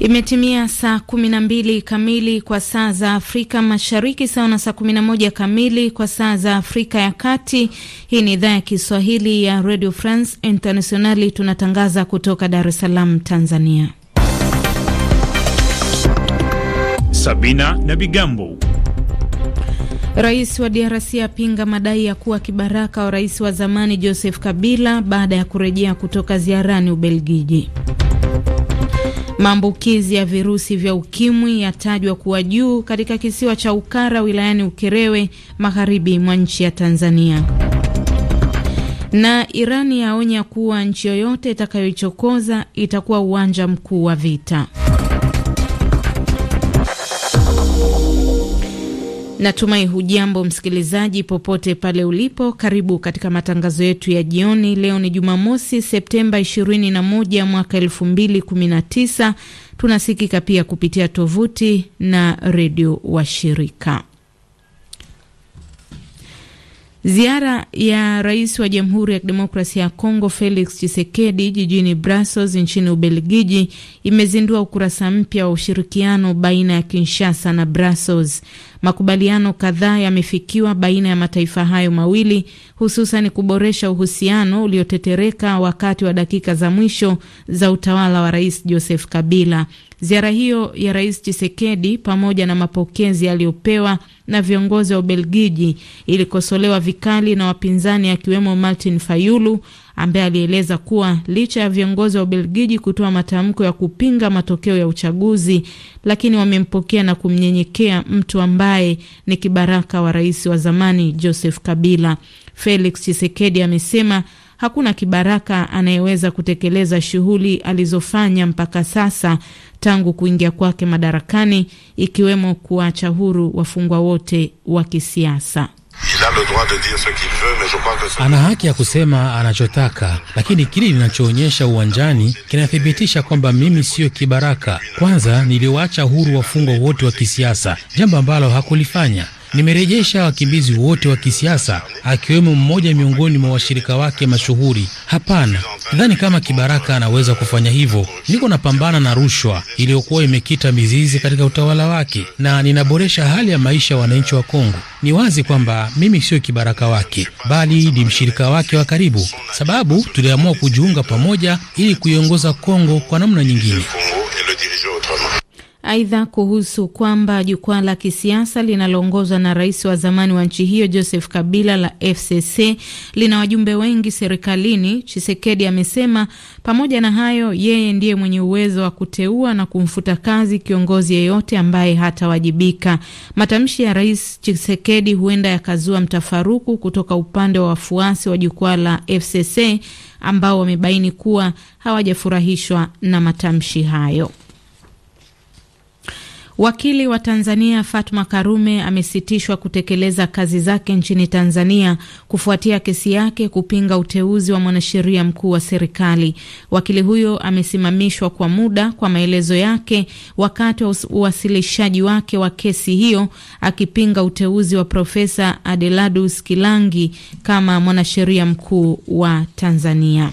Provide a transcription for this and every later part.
Imetimia saa 12 kamili kwa saa za Afrika Mashariki, sawa na saa 11 kamili kwa saa za Afrika ya Kati. Hii ni idhaa ya Kiswahili ya Radio France Internationali, tunatangaza kutoka Dar es Salaam, Tanzania. Sabina na Bigambo. Rais wa DRC apinga madai ya kuwa kibaraka wa rais wa zamani Joseph Kabila baada ya kurejea kutoka ziarani Ubelgiji. Maambukizi ya virusi vya ukimwi yatajwa kuwa juu katika kisiwa cha Ukara wilayani Ukerewe magharibi mwa nchi ya Tanzania. Na Irani yaonya kuwa nchi yoyote itakayoichokoza itakuwa uwanja mkuu wa vita. Natumai hujambo msikilizaji, popote pale ulipo. Karibu katika matangazo yetu ya jioni. Leo ni Jumamosi, Septemba 21 mwaka 2019. Tunasikika pia kupitia tovuti na redio washirika. Ziara ya rais wa Jamhuri ya Kidemokrasia ya Kongo Felix Tshisekedi jijini Brussels nchini Ubelgiji imezindua ukurasa mpya wa ushirikiano baina ya Kinshasa na Brussels. Makubaliano kadhaa yamefikiwa baina ya mataifa hayo mawili, hususan kuboresha uhusiano uliotetereka wakati wa dakika za mwisho za utawala wa Rais Joseph Kabila. Ziara hiyo ya Rais Chisekedi pamoja na mapokezi yaliyopewa na viongozi wa Ubelgiji ilikosolewa vikali na wapinzani akiwemo Martin Fayulu ambaye alieleza kuwa licha ya viongozi wa Ubelgiji kutoa matamko ya kupinga matokeo ya uchaguzi, lakini wamempokea na kumnyenyekea mtu ambaye ni kibaraka wa rais wa zamani Joseph Kabila. Felix Chisekedi amesema hakuna kibaraka anayeweza kutekeleza shughuli alizofanya mpaka sasa tangu kuingia kwake madarakani, ikiwemo kuacha huru wafungwa wote wa kisiasa. Ana haki ya kusema anachotaka, lakini kile ninachoonyesha uwanjani kinathibitisha kwamba mimi siyo kibaraka. Kwanza, niliwaacha huru wafungwa wote wa kisiasa, jambo ambalo hakulifanya Nimerejesha wakimbizi wote wa kisiasa, akiwemo mmoja miongoni mwa washirika wake mashuhuri. Hapana, nadhani kama Kibaraka anaweza kufanya hivyo. Niko napambana na rushwa iliyokuwa imekita mizizi katika utawala wake, na ninaboresha hali ya maisha ya wananchi wa Kongo. Ni wazi kwamba mimi sio kibaraka wake, bali ni mshirika wake wa karibu, sababu tuliamua kujiunga pamoja ili kuiongoza Kongo kwa namna nyingine. Aidha, kuhusu kwamba jukwaa la kisiasa linaloongozwa na rais wa zamani wa nchi hiyo Joseph Kabila la FCC lina wajumbe wengi serikalini, Chisekedi amesema pamoja na hayo, yeye ndiye mwenye uwezo wa kuteua na kumfuta kazi kiongozi yeyote ambaye hatawajibika. Matamshi ya rais Chisekedi huenda yakazua mtafaruku kutoka upande wa wafuasi wa jukwaa la FCC ambao wamebaini kuwa hawajafurahishwa na matamshi hayo. Wakili wa Tanzania Fatma Karume amesitishwa kutekeleza kazi zake nchini Tanzania kufuatia kesi yake kupinga uteuzi wa mwanasheria mkuu wa serikali. Wakili huyo amesimamishwa kwa muda kwa maelezo yake wakati wa uwasilishaji wake wa kesi hiyo, akipinga uteuzi wa Profesa Adeladus Kilangi kama mwanasheria mkuu wa Tanzania.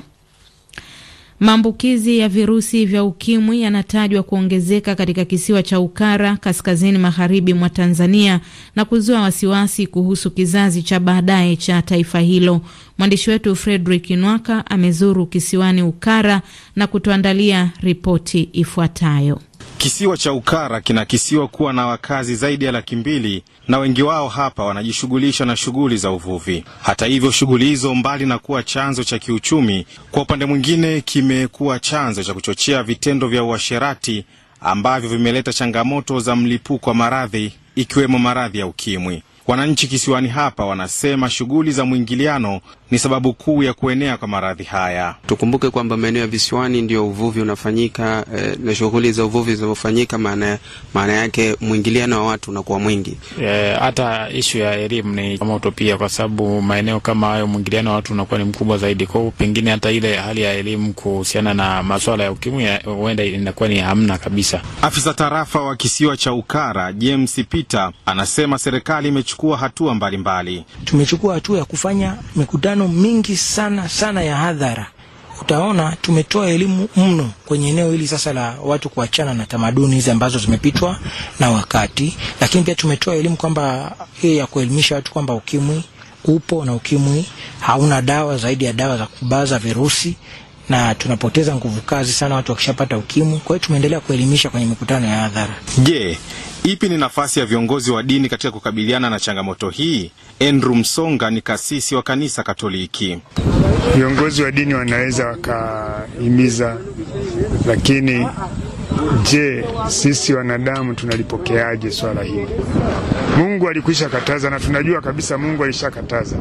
Maambukizi ya virusi vya ukimwi yanatajwa kuongezeka katika kisiwa cha Ukara kaskazini magharibi mwa Tanzania na kuzua wasiwasi kuhusu kizazi cha baadaye cha taifa hilo. Mwandishi wetu Fredrick Nwaka amezuru kisiwani Ukara na kutuandalia ripoti ifuatayo. Kisiwa cha Ukara kinakisiwa kuwa na wakazi zaidi ya laki mbili na wengi wao hapa wanajishughulisha na shughuli za uvuvi. Hata hivyo, shughuli hizo mbali na kuwa chanzo cha kiuchumi, kwa upande mwingine kimekuwa chanzo cha kuchochea vitendo vya uasherati ambavyo vimeleta changamoto za mlipuko wa maradhi ikiwemo maradhi ya ukimwi. Wananchi kisiwani hapa wanasema shughuli za mwingiliano ni sababu kuu ya kuenea kwa maradhi haya. Tukumbuke kwamba maeneo ya visiwani ndio uvuvi unafanyika e, na shughuli za uvuvi zinazofanyika, maana maana yake mwingiliano wa watu unakuwa mwingi. Eh, hata eh, ishu ya elimu ni kama utopia, kwa sababu maeneo kama hayo mwingiliano wa watu unakuwa ni mkubwa zaidi. Kwa hiyo pengine hata ile hali ya elimu kuhusiana na masuala ya ukimwi eh, huenda inakuwa ni hamna kabisa. Afisa tarafa wa kisiwa cha Ukara James Peter anasema serikali imechukua hatua mbalimbali Tumechukua hatua ya kufanya mikutano mikutano mingi sana sana ya hadhara utaona tumetoa elimu mno kwenye eneo hili sasa la watu kuachana na tamaduni hizi ambazo zimepitwa na wakati, lakini pia tumetoa elimu kwamba hii eh, ya kuelimisha watu kwamba ukimwi upo na ukimwi hauna dawa zaidi ya dawa za kubaza virusi na tunapoteza nguvu kazi sana watu wakishapata ukimwi. Kwa hiyo tumeendelea kuelimisha kwenye mikutano ya hadhara. Je, Ipi ni nafasi ya viongozi wa dini katika kukabiliana na changamoto hii? Andrew Msonga ni kasisi wa kanisa Katoliki. Viongozi wa dini wanaweza wakahimiza, lakini je, sisi wanadamu tunalipokeaje swala hili? Mungu alikuisha kataza na tunajua kabisa Mungu alishakataza.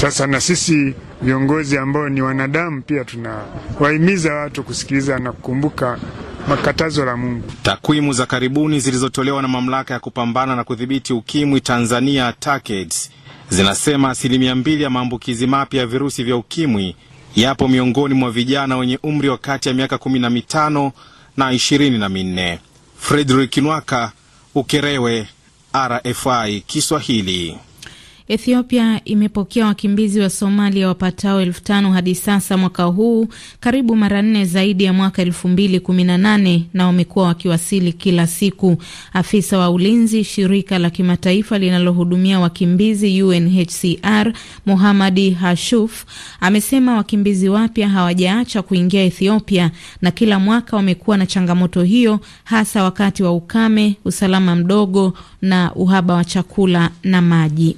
Sasa na sisi viongozi ambao ni wanadamu pia tunawahimiza watu kusikiliza na kukumbuka makatazo la Mungu. Takwimu za karibuni zilizotolewa na mamlaka ya kupambana na kudhibiti ukimwi Tanzania TACAIDS zinasema asilimia mbili ya maambukizi mapya ya virusi vya ukimwi yapo miongoni mwa vijana wenye umri wa kati ya miaka 15 na 24. Frederick Nwaka, Ukerewe, RFI Kiswahili. Ethiopia imepokea wakimbizi wa Somalia wapatao elfu tano hadi sasa mwaka huu, karibu mara nne zaidi ya mwaka elfu mbili kumi na nane na wamekuwa wakiwasili kila siku. Afisa wa ulinzi shirika la kimataifa linalohudumia wakimbizi UNHCR Muhamadi Hashuf amesema wakimbizi wapya hawajaacha kuingia Ethiopia na kila mwaka wamekuwa na changamoto hiyo, hasa wakati wa ukame, usalama mdogo na uhaba wa chakula na maji.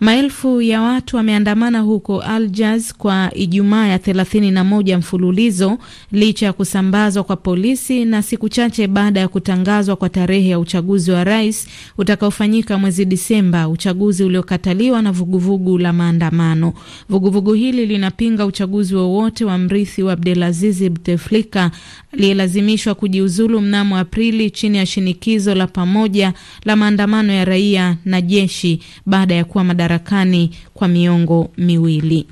Maelfu ya watu wameandamana huko Aljaz kwa Ijumaa ya 31 mfululizo licha ya kusambazwa kwa polisi na siku chache baada ya kutangazwa kwa tarehe ya uchaguzi wa rais utakaofanyika mwezi Disemba, uchaguzi uliokataliwa na vuguvugu la maandamano. Vuguvugu hili linapinga uchaguzi wowote wa, wa mrithi wa Abdelaziz Buteflika aliyelazimishwa kujiuzulu mnamo Aprili chini ya shinikizo la pamoja la maandamano ya raia na jeshi baada ya kuwa madarakani kwa miongo miwili.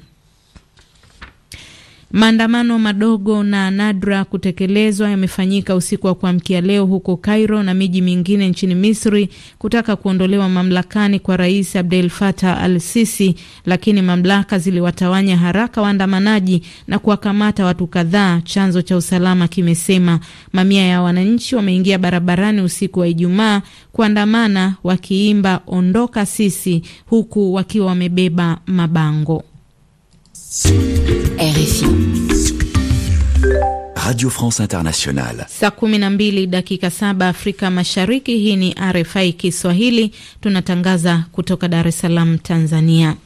Maandamano madogo na nadra kutekelezwa yamefanyika usiku wa kuamkia leo huko Cairo na miji mingine nchini Misri kutaka kuondolewa mamlakani kwa Rais Abdel Fattah al-Sisi, lakini mamlaka ziliwatawanya haraka waandamanaji na kuwakamata watu kadhaa, chanzo cha usalama kimesema. Mamia ya wananchi wameingia barabarani usiku wa Ijumaa kuandamana wakiimba ondoka Sisi, huku wakiwa wamebeba mabango. RFI Radio France Internationale. Saa mbili dakika saba Afrika Mashariki. Hii ni RFI Kiswahili, tunatangaza kutoka Dar es Salaam, Tanzania.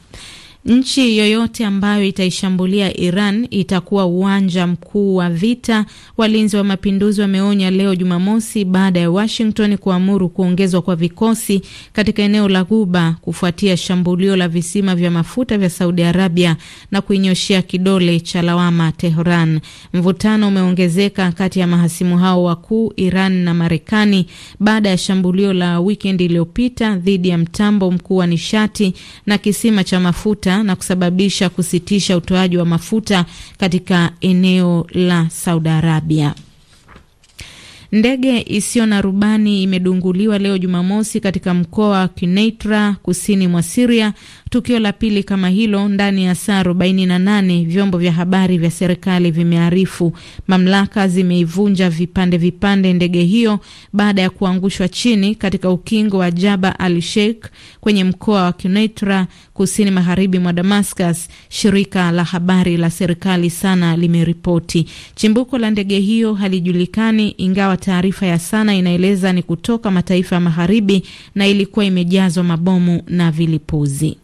Nchi yoyote ambayo itaishambulia Iran itakuwa uwanja mkuu wa vita, walinzi wa mapinduzi wameonya leo Jumamosi, baada ya Washington kuamuru kuongezwa kwa vikosi katika eneo la guba kufuatia shambulio la visima vya mafuta vya Saudi Arabia na kuinyoshea kidole cha lawama Tehran. Mvutano umeongezeka kati ya mahasimu hao wakuu, Iran na Marekani, baada ya shambulio la wikendi iliyopita dhidi ya mtambo mkuu wa nishati na kisima cha mafuta mafuta na kusababisha kusitisha utoaji wa mafuta katika eneo la Saudi Arabia. Ndege isiyo na rubani imedunguliwa leo Jumamosi katika mkoa wa Kineitra kusini mwa Siria Tukio la pili kama hilo ndani ya saa 48 vyombo vya habari vya serikali vimearifu. Mamlaka zimeivunja vipande vipande ndege hiyo baada ya kuangushwa chini katika ukingo wa Jaba al Sheikh kwenye mkoa wa Kuneitra kusini magharibi mwa Damascus, shirika la habari la serikali Sana limeripoti. Chimbuko la ndege hiyo halijulikani, ingawa taarifa ya Sana inaeleza ni kutoka mataifa ya magharibi na ilikuwa imejazwa mabomu na vilipuzi.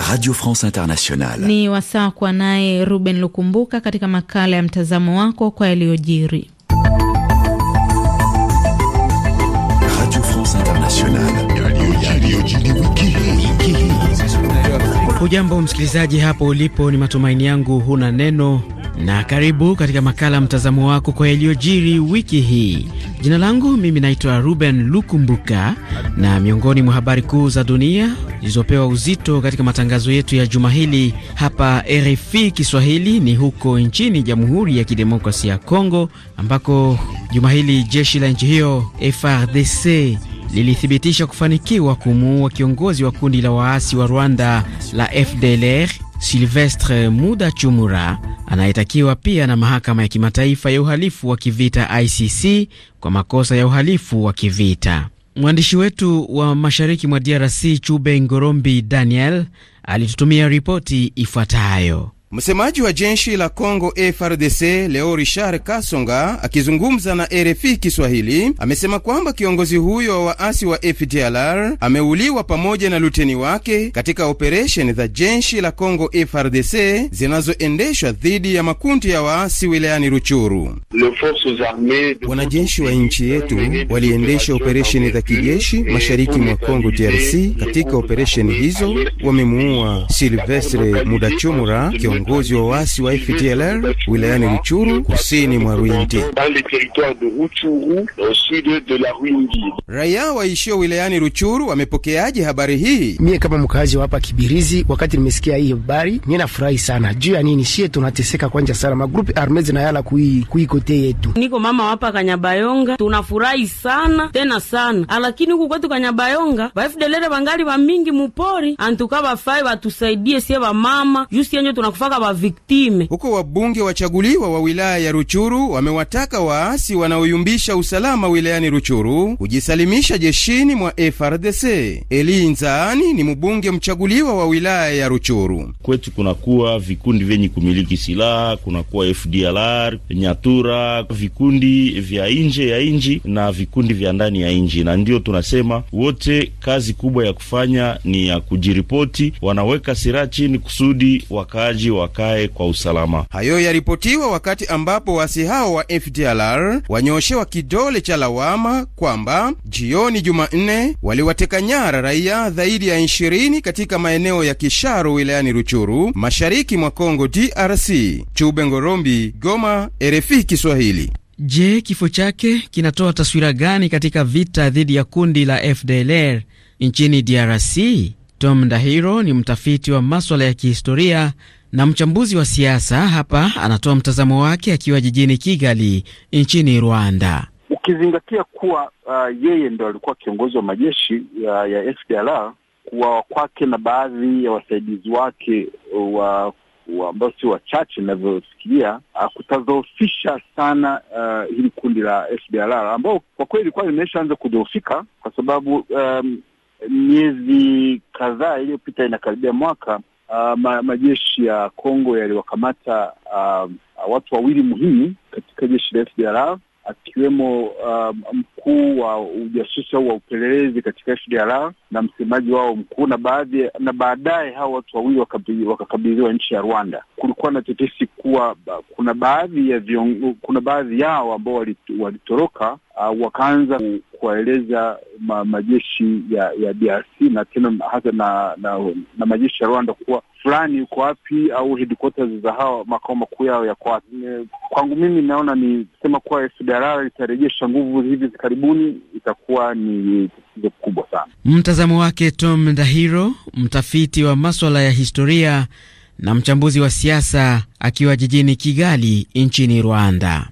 Radio France Internationale. Ni wasaa kwa naye Ruben Lukumbuka katika makala ya mtazamo wako kwa yaliyojiri. Radio France Internationale. Hujambo msikilizaji hapo ulipo, ni matumaini yangu huna neno na karibu katika makala mtazamo wako kwa yaliyojiri wiki hii. Jina langu mimi naitwa Ruben Lukumbuka, na miongoni mwa habari kuu za dunia zilizopewa uzito katika matangazo yetu ya juma hili hapa RFI Kiswahili ni huko nchini Jamhuri ya Kidemokrasia ya Kongo, ambako juma hili jeshi la nchi hiyo frdc lilithibitisha kufanikiwa kumuua kiongozi wa kundi la waasi wa Rwanda la FDLR Silvestre Muda Chumura anayetakiwa pia na mahakama ya kimataifa ya uhalifu wa kivita ICC kwa makosa ya uhalifu wa kivita. Mwandishi wetu wa mashariki mwa DRC Chube Ngorombi Daniel alitutumia ripoti ifuatayo. Msemaji wa jeshi la Congo FRDC leo Richard Kasonga akizungumza na RFI Kiswahili amesema kwamba kiongozi huyo wa waasi wa FDLR ameuliwa pamoja na luteni wake katika operesheni za jeshi la Congo FRDC zinazoendeshwa dhidi ya makundi ya waasi wilayani Ruchuru. Wanajeshi wa nchi yetu waliendesha operesheni za kijeshi mashariki mwa Congo DRC. Katika operesheni hizo wamemuua Silvestre Mudachumura viongozi wa waasi wa FDLR wilayani Ruchuru, kusini mwa Ruindi. Raia waishio wilayani Ruchuru wamepokeaje habari hii? Mie kama mkazi wa hapa Kibirizi, wakati nimesikia hii habari mie nafurahi sana. Juu ya nini? Shie tunateseka kwanja sana, magrupi arme zinayala kui kui yetu. Niko mama wapa Kanyabayonga, tunafurahi sana tena sana, ah, lakini huku kwetu Kanyabayonga ba FDLR bangali ba mingi mupori, antuka bafai batusaidie sie ba yusi jusi tunakufa mpaka baviktime. Huko wabunge wachaguliwa wa wilaya ya Ruchuru wamewataka waasi wanaoyumbisha usalama wilayani Ruchuru kujisalimisha jeshini mwa FRDC. Eli Nzaani ni mbunge mchaguliwa wa wilaya ya Ruchuru. Kwetu kunakuwa vikundi vyenye kumiliki silaha, kunakuwa FDLR, Nyatura, vikundi vya nje ya nji na vikundi vya ndani ya nji, na ndiyo tunasema wote kazi kubwa ya kufanya ni ya kujiripoti, wanaweka silaha chini kusudi wakaaji wakae kwa usalama. Hayo yaripotiwa wakati ambapo wasi hao wa FDLR wanyoshewa kidole cha lawama kwamba jioni Jumanne waliwateka nyara raia zaidi ya 20 katika maeneo ya Kisharo wilayani Ruchuru, mashariki mwa congo DRC. Chube Ngorombi, Goma, RFI Kiswahili. Je, kifo chake kinatoa taswira gani katika vita dhidi ya kundi la FDLR nchini DRC? Tom Dahiro ni mtafiti wa maswala ya kihistoria na mchambuzi wa siasa hapa anatoa mtazamo wake akiwa jijini Kigali nchini Rwanda. Ukizingatia kuwa uh, yeye ndo alikuwa kiongozi wa majeshi ya, ya FDLR, kuwawa kwake na baadhi ya wasaidizi wake uh, wa ambao sio wachache inavyofikiria, uh, kutadhoofisha sana uh, hili kundi la FDLR ambao kwa kweli ilikuwa limeshaanza kudhoofika kwa sababu um, miezi kadhaa iliyopita inakaribia mwaka uh, ma, majeshi ya Kongo yaliwakamata uh, watu wawili muhimu katika jeshi la FDLR akiwemo uh, mkuu wa ujasusi au wa upelelezi katika FDLR na msemaji wao mkuu, na baadhi na baadaye hao watu wawili wakakabidhiwa nchi ya Rwanda kulikuwa na tetesi kuwa kuna baadhi ya vion, kuna baadhi yao ambao walitoroka uh, wakaanza kuwaeleza ma, majeshi ya ya DRC na tena hasa na, na, na majeshi ya Rwanda kuwa fulani yuko wapi au headquarters za hawa makao makuu yao yako wapi. Kwangu mimi naona ni sema kuwa FDLR itarejesha nguvu hivi karibuni, itakuwa ni tatizo kubwa sana. Mtazamo wake Tom Ndahiro, mtafiti wa maswala ya historia na mchambuzi wa siasa akiwa jijini Kigali nchini Rwanda.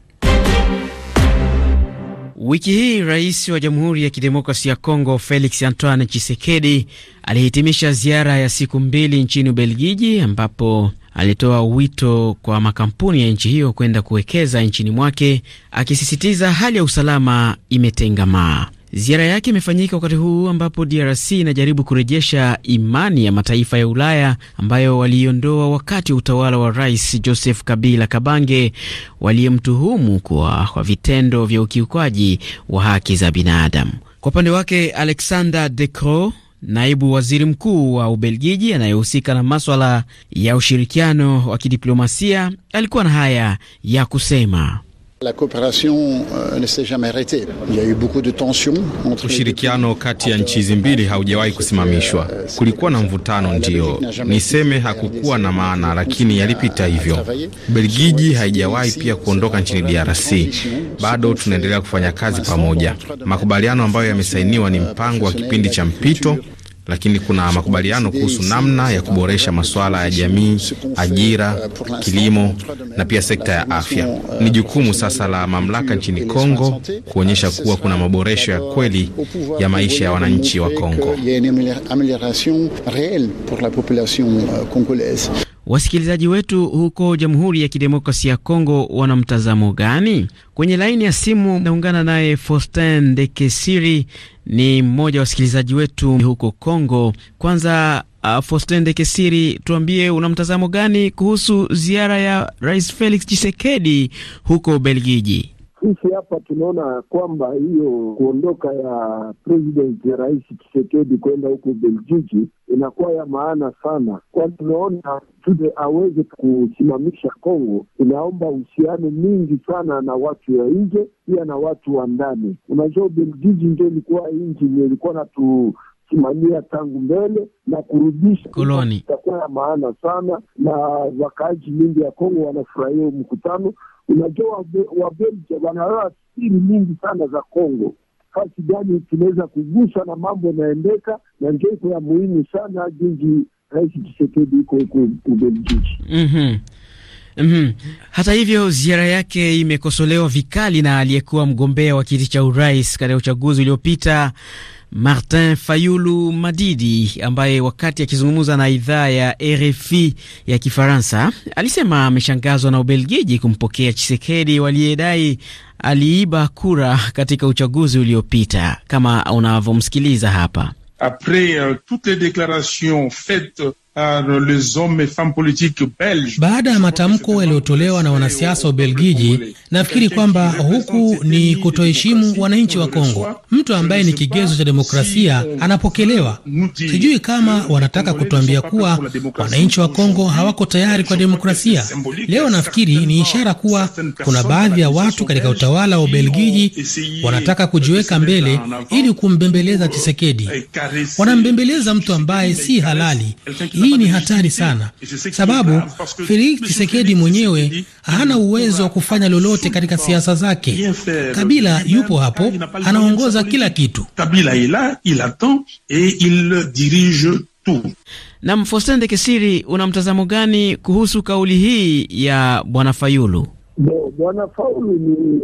Wiki hii rais wa Jamhuri ya kidemokrasi ya Kongo Felix Antoine chisekedi alihitimisha ziara ya siku mbili nchini Ubelgiji, ambapo alitoa wito kwa makampuni ya nchi hiyo kwenda kuwekeza nchini mwake, akisisitiza hali ya usalama imetengamaa. Ziara yake imefanyika wakati huu ambapo DRC inajaribu kurejesha imani ya mataifa ya Ulaya ambayo waliiondoa wakati wa utawala wa Rais Joseph Kabila Kabange waliyemtuhumu kuwa kwa vitendo vya ukiukwaji wa haki za binadamu. Kwa upande wake, Alexander De Croo naibu waziri mkuu wa Ubelgiji anayehusika na maswala ya ushirikiano wa kidiplomasia alikuwa na haya ya kusema. La coopération euh, ne s'est jamais arrêtée. Il y a eu beaucoup de tensions entre ushirikiano kati ya nchi hizi mbili haujawahi kusimamishwa. Euh, Kulikuwa na mvutano, ndio niseme, hakukuwa na maana, lakini yalipita hivyo. Belgiji haijawahi pia kuondoka nchini DRC, bado tunaendelea kufanya kazi pamoja. Makubaliano ambayo yamesainiwa ni euh, mpango wa kipindi cha mpito lakini kuna makubaliano kuhusu namna ya kuboresha masuala ya jamii, ajira, kilimo na pia sekta ya afya. Ni jukumu sasa la mamlaka nchini Kongo kuonyesha kuwa kuna maboresho ya kweli ya maisha ya wananchi wa Kongo. Wasikilizaji wetu huko Jamhuri ya Kidemokrasia ya Kongo wana mtazamo gani? Kwenye laini ya simu naungana naye Faustin de Kesiri, ni mmoja wa wasikilizaji wetu huko Kongo. Kwanza uh, Faustin de Kesiri, tuambie una mtazamo gani kuhusu ziara ya Rais Felix Tshisekedi huko Belgiji? sisi hapa tunaona kwamba hiyo kuondoka ya president ya Rais Chisekedi kwenda huko Beljiji inakuwa ya maana sana, kwani tunaona tude aweze kusimamisha Kongo, inaomba uhusiano mingi sana na watu wa nje pia na watu wa ndani. Unajua, ubeljiji ndio ilikuwa nchi ndio ilikuwa tu simamia tangu mbele na kurudisha koloni itakuwa ya maana sana, na wakaaji mingi ya Kongo wanafurahia mkutano Unajua wabelja wanawewa siri nyingi sana za Kongo, fasi gani tunaweza kugusa na mambo yanaendeka, na ndio iko ya muhimu sana jinji Rais chisekedi iko Ubelgiji. mm-hmm. Mm-hmm. Hata hivyo ziara yake imekosolewa vikali na aliyekuwa mgombea wa kiti cha urais katika uchaguzi uliopita Martin Fayulu Madidi ambaye wakati akizungumza na idhaa ya RFI ya Kifaransa alisema ameshangazwa na Ubelgiji kumpokea Chisekedi waliyedai aliiba kura katika uchaguzi uliopita, kama unavyomsikiliza hapa. Après, uh, toutes les déclarations faites Euh, Baada ya matamko yaliyotolewa na wanasiasa wa ubelgiji nafikiri kwamba huku ni kutoheshimu wananchi wa Kongo. Mtu ambaye ni kigezo cha demokrasia anapokelewa. Sijui kama wanataka kutuambia kuwa wananchi wa Kongo hawako tayari kwa demokrasia. Leo nafikiri ni ishara kuwa kuna baadhi ya watu katika utawala wa ubelgiji wanataka kujiweka mbele ili kumbembeleza Chisekedi. Wanambembeleza mtu ambaye si halali hii ni hatari sana, sababu Felix Tshisekedi mwenyewe hana uwezo wa kufanya lolote katika siasa zake. Kabila yupo hapo, anaongoza kila kitu. Na Mfosten Kesiri, una mtazamo gani kuhusu kauli hii ya bwana Fayulu? Bwana Faulu ni,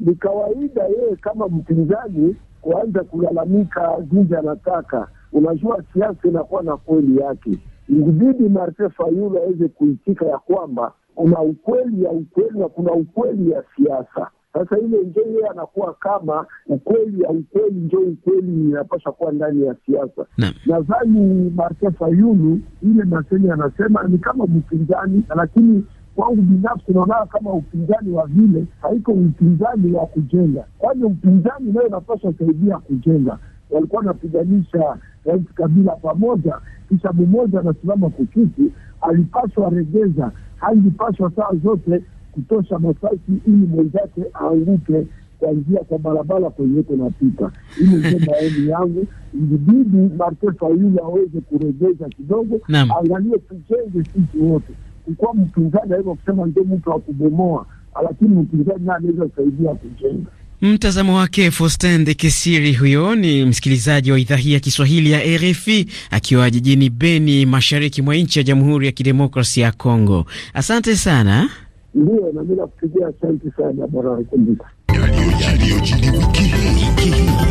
ni kawaida yeye kama mpinzani kuanza kulalamika jinsi anataka Unajua siasa inakuwa na kweli yake, ngubidi Martin Fayulu aweze kuitika ya kwamba kuna ukweli ya ukweli na kuna ukweli ya siasa. Sasa ile njo yeye anakuwa kama ukweli ya ukweli njo ukweli inapasha kuwa ndani ya siasa. Nadhani Martin Fayulu ile maseni anasema ni kama mpinzani, lakini kwangu binafsi naonaa kama upinzani wa vile haiko upinzani wa kujenga, kwani upinzani nayo inapasha saidia kujenga walikuwa wanapiganisha rais Kabila pamoja, kisha mmoja anasimama kukiti, alipaswa regeza, hangipaswa saa zote kutosha masasi ili mwenzake aanguke kuanzia kwa barabara kwenyeko napita. Ile ndio maoni yangu, ilibidi Martin Fayulu aweze kuregeza kidogo, angalie tujenge sisi wote. Kukuwa mpinzani aivo kusema ndio mtu wa kubomoa, lakini mpinzani naye anaweza kusaidia kujenga. Mtazamo wake Faustin de Kesiri. Huyo ni msikilizaji wa idhaa hii ya Kiswahili ya RFI akiwa jijini Beni, mashariki mwa nchi ya Jamhuri ya Kidemokrasia ya Kongo. Asante sana. Ndio, nami nakupigia asante sana bwana Kumbuka.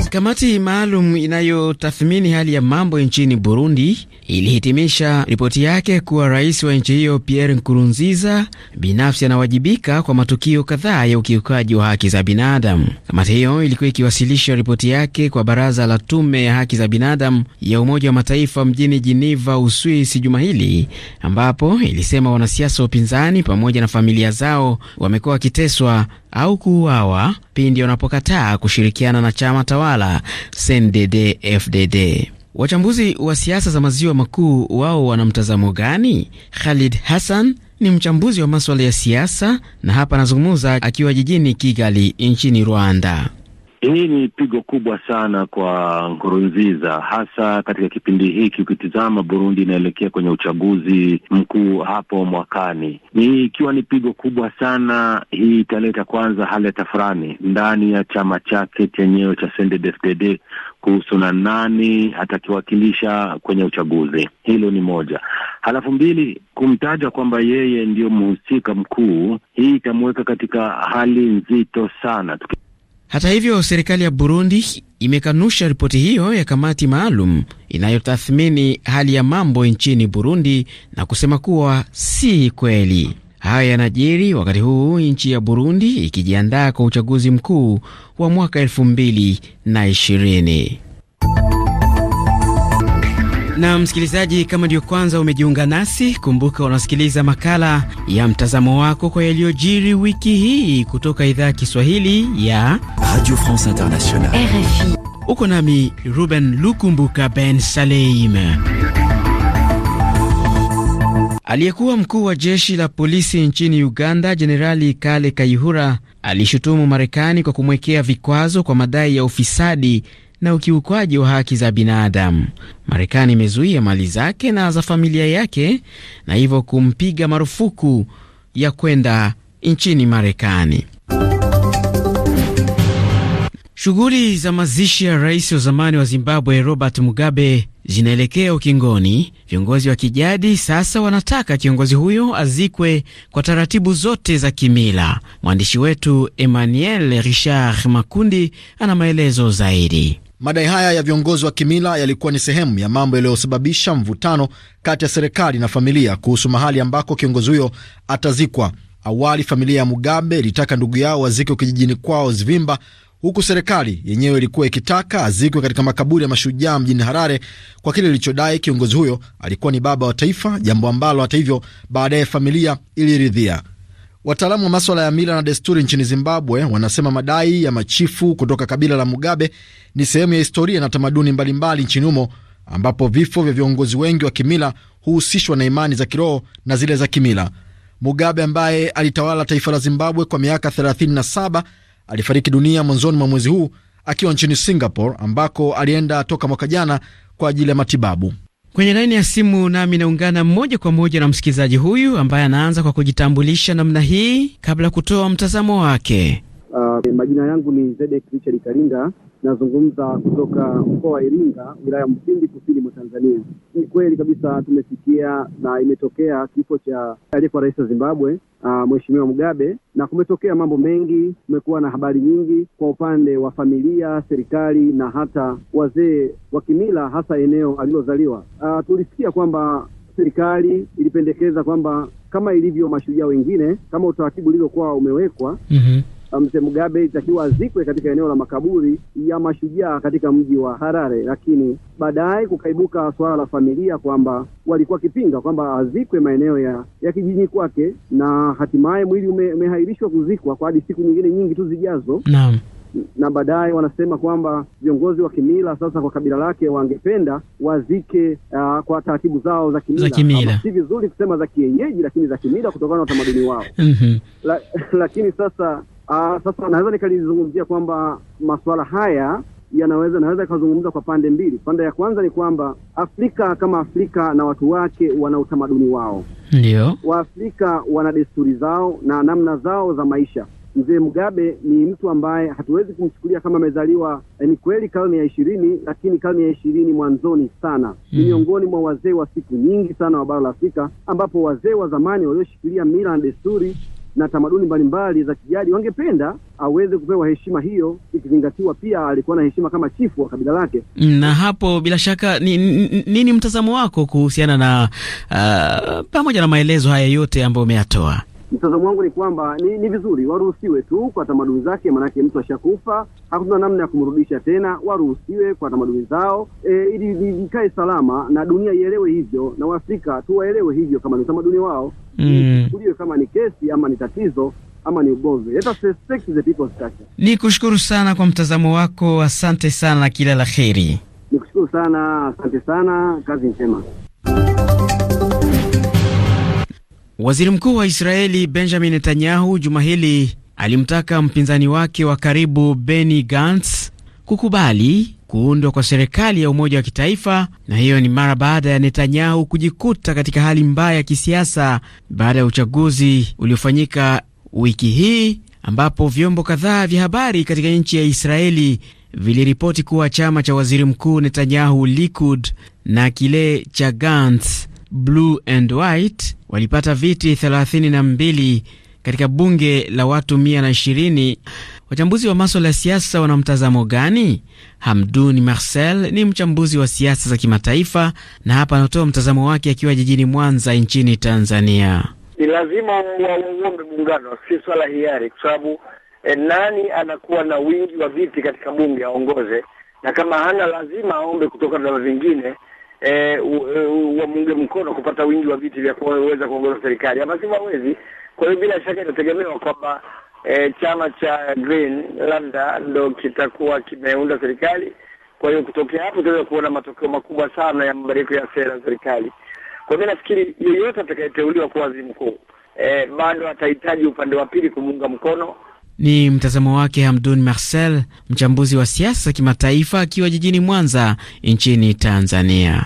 Kamati maalum inayotathmini hali ya mambo nchini Burundi ilihitimisha ripoti yake kuwa rais wa nchi hiyo Pierre Nkurunziza binafsi anawajibika kwa matukio kadhaa ya ukiukaji wa haki za binadamu. Kamati hiyo ilikuwa ikiwasilisha ripoti yake kwa baraza la tume ya haki za binadamu ya Umoja wa Mataifa mjini Jiniva, Uswisi, juma hili, ambapo ilisema wanasiasa wa upinzani pamoja na familia zao wamekuwa wakiteswa au kuuawa pindi wanapokataa kushirikiana na chama tawala CNDD FDD. Wachambuzi wa siasa za maziwa makuu wao wana mtazamo gani? Khalid Hassan ni mchambuzi wa maswala ya siasa na hapa anazungumza akiwa jijini Kigali nchini Rwanda. Hii ni pigo kubwa sana kwa Nkurunziza, hasa katika kipindi hiki. Ukitizama Burundi inaelekea kwenye uchaguzi mkuu hapo mwakani, ni ikiwa ni pigo kubwa sana hii, italeta kwanza hali ya tafurani ndani ya chama chake chenyewe cha CNDD-FDD kuhusu na nani atakiwakilisha kwenye uchaguzi. Hilo ni moja. Halafu mbili, kumtaja kwamba yeye ndiyo mhusika mkuu, hii itamuweka katika hali nzito sana Tuki hata hivyo, serikali ya Burundi imekanusha ripoti hiyo ya kamati maalum inayotathmini hali ya mambo nchini Burundi na kusema kuwa si kweli. Haya yanajiri wakati huu nchi ya Burundi ikijiandaa kwa uchaguzi mkuu wa mwaka elfu mbili na ishirini. Na msikilizaji, kama ndiyo kwanza umejiunga nasi, kumbuka unasikiliza makala ya mtazamo wako kwa yaliyojiri wiki hii kutoka idhaa ya Kiswahili ya Radio France Internationale Uko nami Ruben Lukumbuka Ben Saleim. Aliyekuwa mkuu wa jeshi la polisi nchini Uganda, Jenerali Kale Kayihura alishutumu Marekani kwa kumwekea vikwazo kwa madai ya ufisadi na ukiukwaji wa haki za binadamu. Marekani imezuia mali zake na za familia yake na hivyo kumpiga marufuku ya kwenda nchini Marekani. Shughuli za mazishi ya rais wa zamani wa Zimbabwe Robert Mugabe zinaelekea ukingoni. Viongozi wa kijadi sasa wanataka kiongozi huyo azikwe kwa taratibu zote za kimila. Mwandishi wetu Emmanuel Richard Makundi ana maelezo zaidi. Madai haya ya viongozi wa kimila yalikuwa ni sehemu ya mambo yaliyosababisha mvutano kati ya serikali na familia kuhusu mahali ambako kiongozi huyo atazikwa. Awali familia ya Mugabe ilitaka ndugu yao wazikwe kijijini kwao Zvimba, huku serikali yenyewe ilikuwa ikitaka azikwe katika makaburi ya mashujaa mjini Harare kwa kile ilichodai kiongozi huyo alikuwa ni baba wa taifa, jambo ambalo hata hivyo baadaye familia iliridhia. Wataalamu wa maswala ya mila na desturi nchini Zimbabwe wanasema madai ya machifu kutoka kabila la Mugabe ni sehemu ya historia na tamaduni mbalimbali nchini humo, ambapo vifo vya viongozi wengi wa kimila huhusishwa na imani za kiroho na zile za kimila. Mugabe ambaye alitawala taifa la Zimbabwe kwa miaka 37 alifariki dunia mwanzoni mwa mwezi huu akiwa nchini Singapore ambako alienda toka mwaka jana kwa ajili ya matibabu. Kwenye laini ya simu nami naungana moja kwa moja na msikilizaji huyu ambaye anaanza kwa kujitambulisha namna hii kabla ya kutoa mtazamo wake. Uh, majina yangu ni Zedek Richard Karinga, Nazungumza kutoka mkoa wa Iringa, wilaya Mpindi, kusini mwa Tanzania. Ni kweli kabisa tumesikia na imetokea kifo cha aliyekuwa rais wa Zimbabwe Uh, Mheshimiwa Mugabe, na kumetokea mambo mengi, kumekuwa na habari nyingi kwa upande wa familia, serikali na hata wazee wa kimila, hasa eneo alilozaliwa. Uh, tulisikia kwamba serikali ilipendekeza kwamba kama ilivyo mashujaa wengine, kama utaratibu ulivyokuwa umewekwa, mm -hmm. Ah, mzee Mugabe itakiwa azikwe katika eneo la makaburi ya mashujaa katika mji wa Harare, lakini baadaye kukaibuka suala la familia kwamba walikuwa wakipinga kwamba azikwe maeneo ya, ya kijijini kwake, na hatimaye mwili ume, umehairishwa kuzikwa kwa hadi siku nyingine nyingi tu zijazo. Naam na baadaye wanasema kwamba viongozi wa kimila sasa kwa kabila lake wangependa wazike uh, kwa taratibu zao za kimila, za kimila. Si vizuri kusema za kienyeji, lakini za kimila kutokana na utamaduni wao. mm -hmm. La, lakini sasa Uh, sasa naweza nikalizungumzia kwamba masuala haya yanaweza naweza ikazungumza kwa pande mbili. Pande ya kwanza ni kwamba Afrika kama Afrika na watu wake wana utamaduni wao, ndio Waafrika wana desturi zao na namna zao za maisha. Mzee Mugabe ni mtu ambaye hatuwezi kumchukulia kama amezaliwa, eh, ni kweli karne ya ishirini, lakini karne ya ishirini mwanzoni sana ni mm, miongoni mwa wazee wa siku nyingi sana wa bara la Afrika, ambapo wazee wa zamani walioshikilia mila na desturi na tamaduni mbalimbali za kijadi, wangependa aweze kupewa heshima hiyo, ikizingatiwa pia alikuwa na heshima kama chifu wa kabila lake. Mm, na hapo bila shaka nini ni, nini mtazamo wako kuhusiana na uh, pamoja na maelezo haya yote ambayo umeyatoa? Mtazamo wangu ni kwamba ni, ni vizuri waruhusiwe tu kwa tamaduni zake, maanake mtu ashakufa, hakuna namna ya kumrudisha tena. Waruhusiwe kwa tamaduni zao e, ili vikae salama na dunia ielewe hivyo, na Waafrika tu waelewe hivyo, kama ni utamaduni wao uliwe mm, kama ni kesi ama ni tatizo ama ni ugomvi. Ni kushukuru sana kwa mtazamo wako, asante sana, kila la heri Ni sana, asante sana, kazi njema. Waziri Mkuu wa Israeli Benjamin Netanyahu juma hili alimtaka mpinzani wake wa karibu Benny Gantz kukubali kuundwa kwa serikali ya umoja wa kitaifa, na hiyo ni mara baada ya Netanyahu kujikuta katika hali mbaya ya kisiasa baada ya uchaguzi uliofanyika wiki hii, ambapo vyombo kadhaa vya habari katika nchi ya Israeli viliripoti kuwa chama cha waziri mkuu Netanyahu Likud na kile cha Gantz Blue and White walipata viti thelathini na mbili katika bunge la watu mia na ishirini. Wachambuzi wa maswala ya siasa wana mtazamo gani? Hamdun Marcel ni mchambuzi wa siasa za kimataifa na hapa anatoa mtazamo wake akiwa jijini Mwanza nchini Tanzania. Ni lazima wauombe muungano, si swala hiari, kwa sababu e, nani anakuwa na wingi wa viti katika bunge aongoze, na kama hana lazima aombe kutoka na vyama vingine eh, e, wamunge mkono kupata wingi wa viti vya kuweza kuongoza serikali, ama si wawezi. Kwa hiyo bila shaka inategemewa kwamba eh, chama cha Green labda ndo kitakuwa kimeunda serikali. Kwa hiyo kutokea hapo tunaweza kuona matokeo makubwa sana ya mabadiliko ya sera serikali. Kwa hiyo nafikiri yeyote atakayeteuliwa kuwa waziri mkuu eh, bado atahitaji upande wa pili kumuunga mkono ni mtazamo wake Hamdun Marcel, mchambuzi wa siasa kimataifa, akiwa jijini Mwanza nchini Tanzania.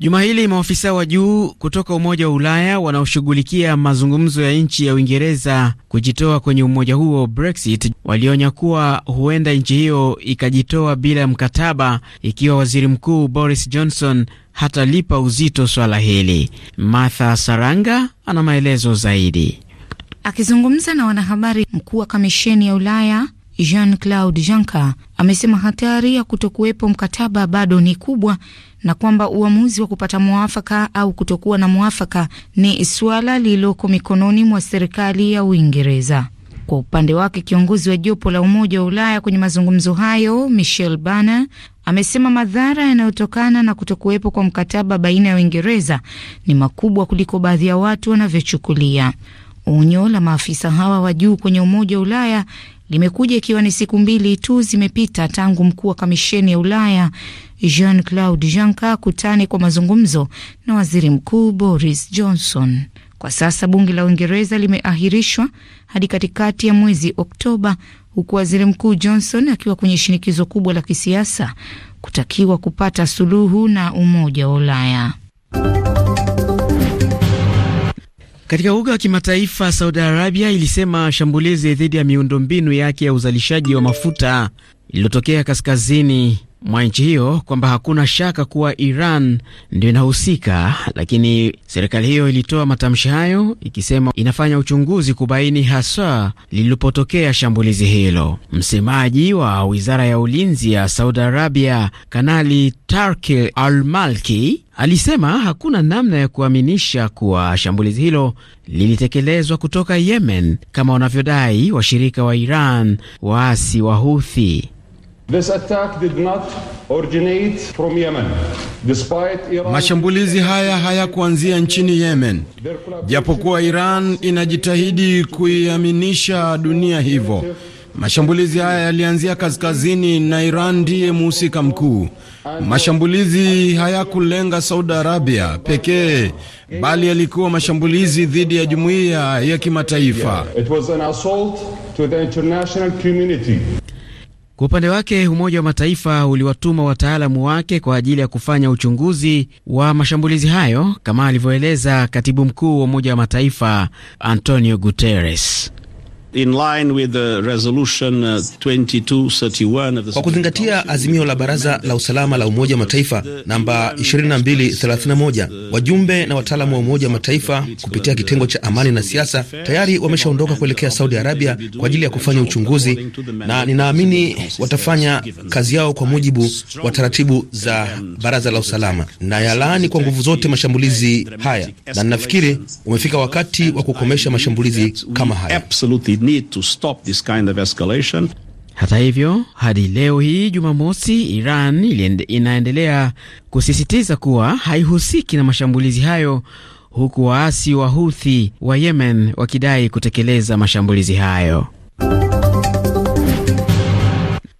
Juma hili maofisa wa juu kutoka Umoja wa Ulaya wanaoshughulikia mazungumzo ya nchi ya Uingereza kujitoa kwenye umoja huo Brexit walionya kuwa huenda nchi hiyo ikajitoa bila ya mkataba ikiwa waziri mkuu Boris Johnson hatalipa uzito swala hili. Martha Saranga ana maelezo zaidi. Akizungumza na wanahabari, mkuu wa kamisheni ya Ulaya Jean Claude Juncker amesema hatari ya kutokuwepo mkataba bado ni kubwa na kwamba uamuzi wa kupata mwafaka au kutokuwa na mwafaka ni suala lililoko mikononi mwa serikali ya Uingereza. Kwa upande wake, kiongozi wa jopo la Umoja wa Ulaya kwenye mazungumzo hayo Michel Barnier amesema madhara yanayotokana na kutokuwepo kwa mkataba baina ya Uingereza ni makubwa kuliko baadhi ya watu wanavyochukulia. Onyo la maafisa hawa wa juu kwenye Umoja wa Ulaya limekuja ikiwa ni siku mbili tu zimepita tangu mkuu wa kamisheni ya Ulaya Jean Claude Juncker kutane kwa mazungumzo na waziri mkuu Boris Johnson. Kwa sasa bunge la Uingereza limeahirishwa hadi katikati ya mwezi Oktoba, huku waziri mkuu Johnson akiwa kwenye shinikizo kubwa la kisiasa kutakiwa kupata suluhu na Umoja wa Ulaya. Katika uga wa kimataifa, Saudi Arabia ilisema shambulizi dhidi ya miundombinu yake ya uzalishaji wa mafuta lililotokea kaskazini mwa nchi hiyo kwamba hakuna shaka kuwa Iran ndio inahusika, lakini serikali hiyo ilitoa matamshi hayo ikisema inafanya uchunguzi kubaini haswa lilipotokea shambulizi hilo. Msemaji wa wizara ya ulinzi ya Saudi Arabia, Kanali Tarki Al-Malki, alisema hakuna namna ya kuaminisha kuwa shambulizi hilo lilitekelezwa kutoka Yemen kama wanavyodai washirika wa Iran, waasi wa Huthi. Mashambulizi haya hayakuanzia nchini Yemen, japokuwa Iran inajitahidi kuiaminisha dunia hivyo. Mashambulizi haya yalianzia kaskazini na Iran ndiye mhusika mkuu. Mashambulizi hayakulenga Saudi Arabia pekee, bali yalikuwa mashambulizi dhidi ya jumuiya ya kimataifa. Kwa upande wake Umoja wa Mataifa uliwatuma wataalamu wake kwa ajili ya kufanya uchunguzi wa mashambulizi hayo, kama alivyoeleza katibu mkuu wa Umoja wa Mataifa Antonio Guterres. In line with the resolution 2231 uh, kwa kuzingatia azimio la Baraza la Usalama la Umoja wa Mataifa namba 2231, wajumbe na wataalamu wa Umoja wa Mataifa kupitia kitengo cha amani na siasa tayari wameshaondoka kuelekea Saudi Arabia kwa ajili ya kufanya uchunguzi, na ninaamini watafanya kazi yao kwa mujibu wa taratibu za Baraza la Usalama. Na yalaani kwa nguvu zote mashambulizi haya, na ninafikiri umefika wakati wa kukomesha mashambulizi kama haya need to stop this kind of escalation. Hata hivyo hadi leo hii Jumamosi, Iran inaendelea kusisitiza kuwa haihusiki na mashambulizi hayo, huku waasi wa Houthi wa Yemen wakidai kutekeleza mashambulizi hayo.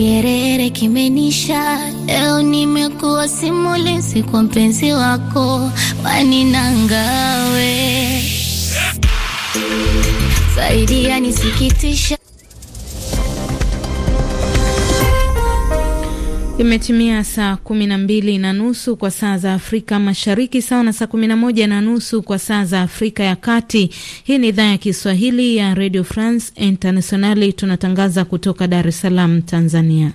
Nyerere kimenisha leo, nimekuwa simulizi kwa mpenzi wako waninangawe saidia nisikitisha Imetimia saa kumi na mbili na nusu kwa saa za Afrika Mashariki, sawa na saa kumi na moja na nusu kwa saa za Afrika ya Kati. Hii ni idhaa ya Kiswahili ya Radio France Internationali, tunatangaza kutoka Dar es Salaam, Tanzania.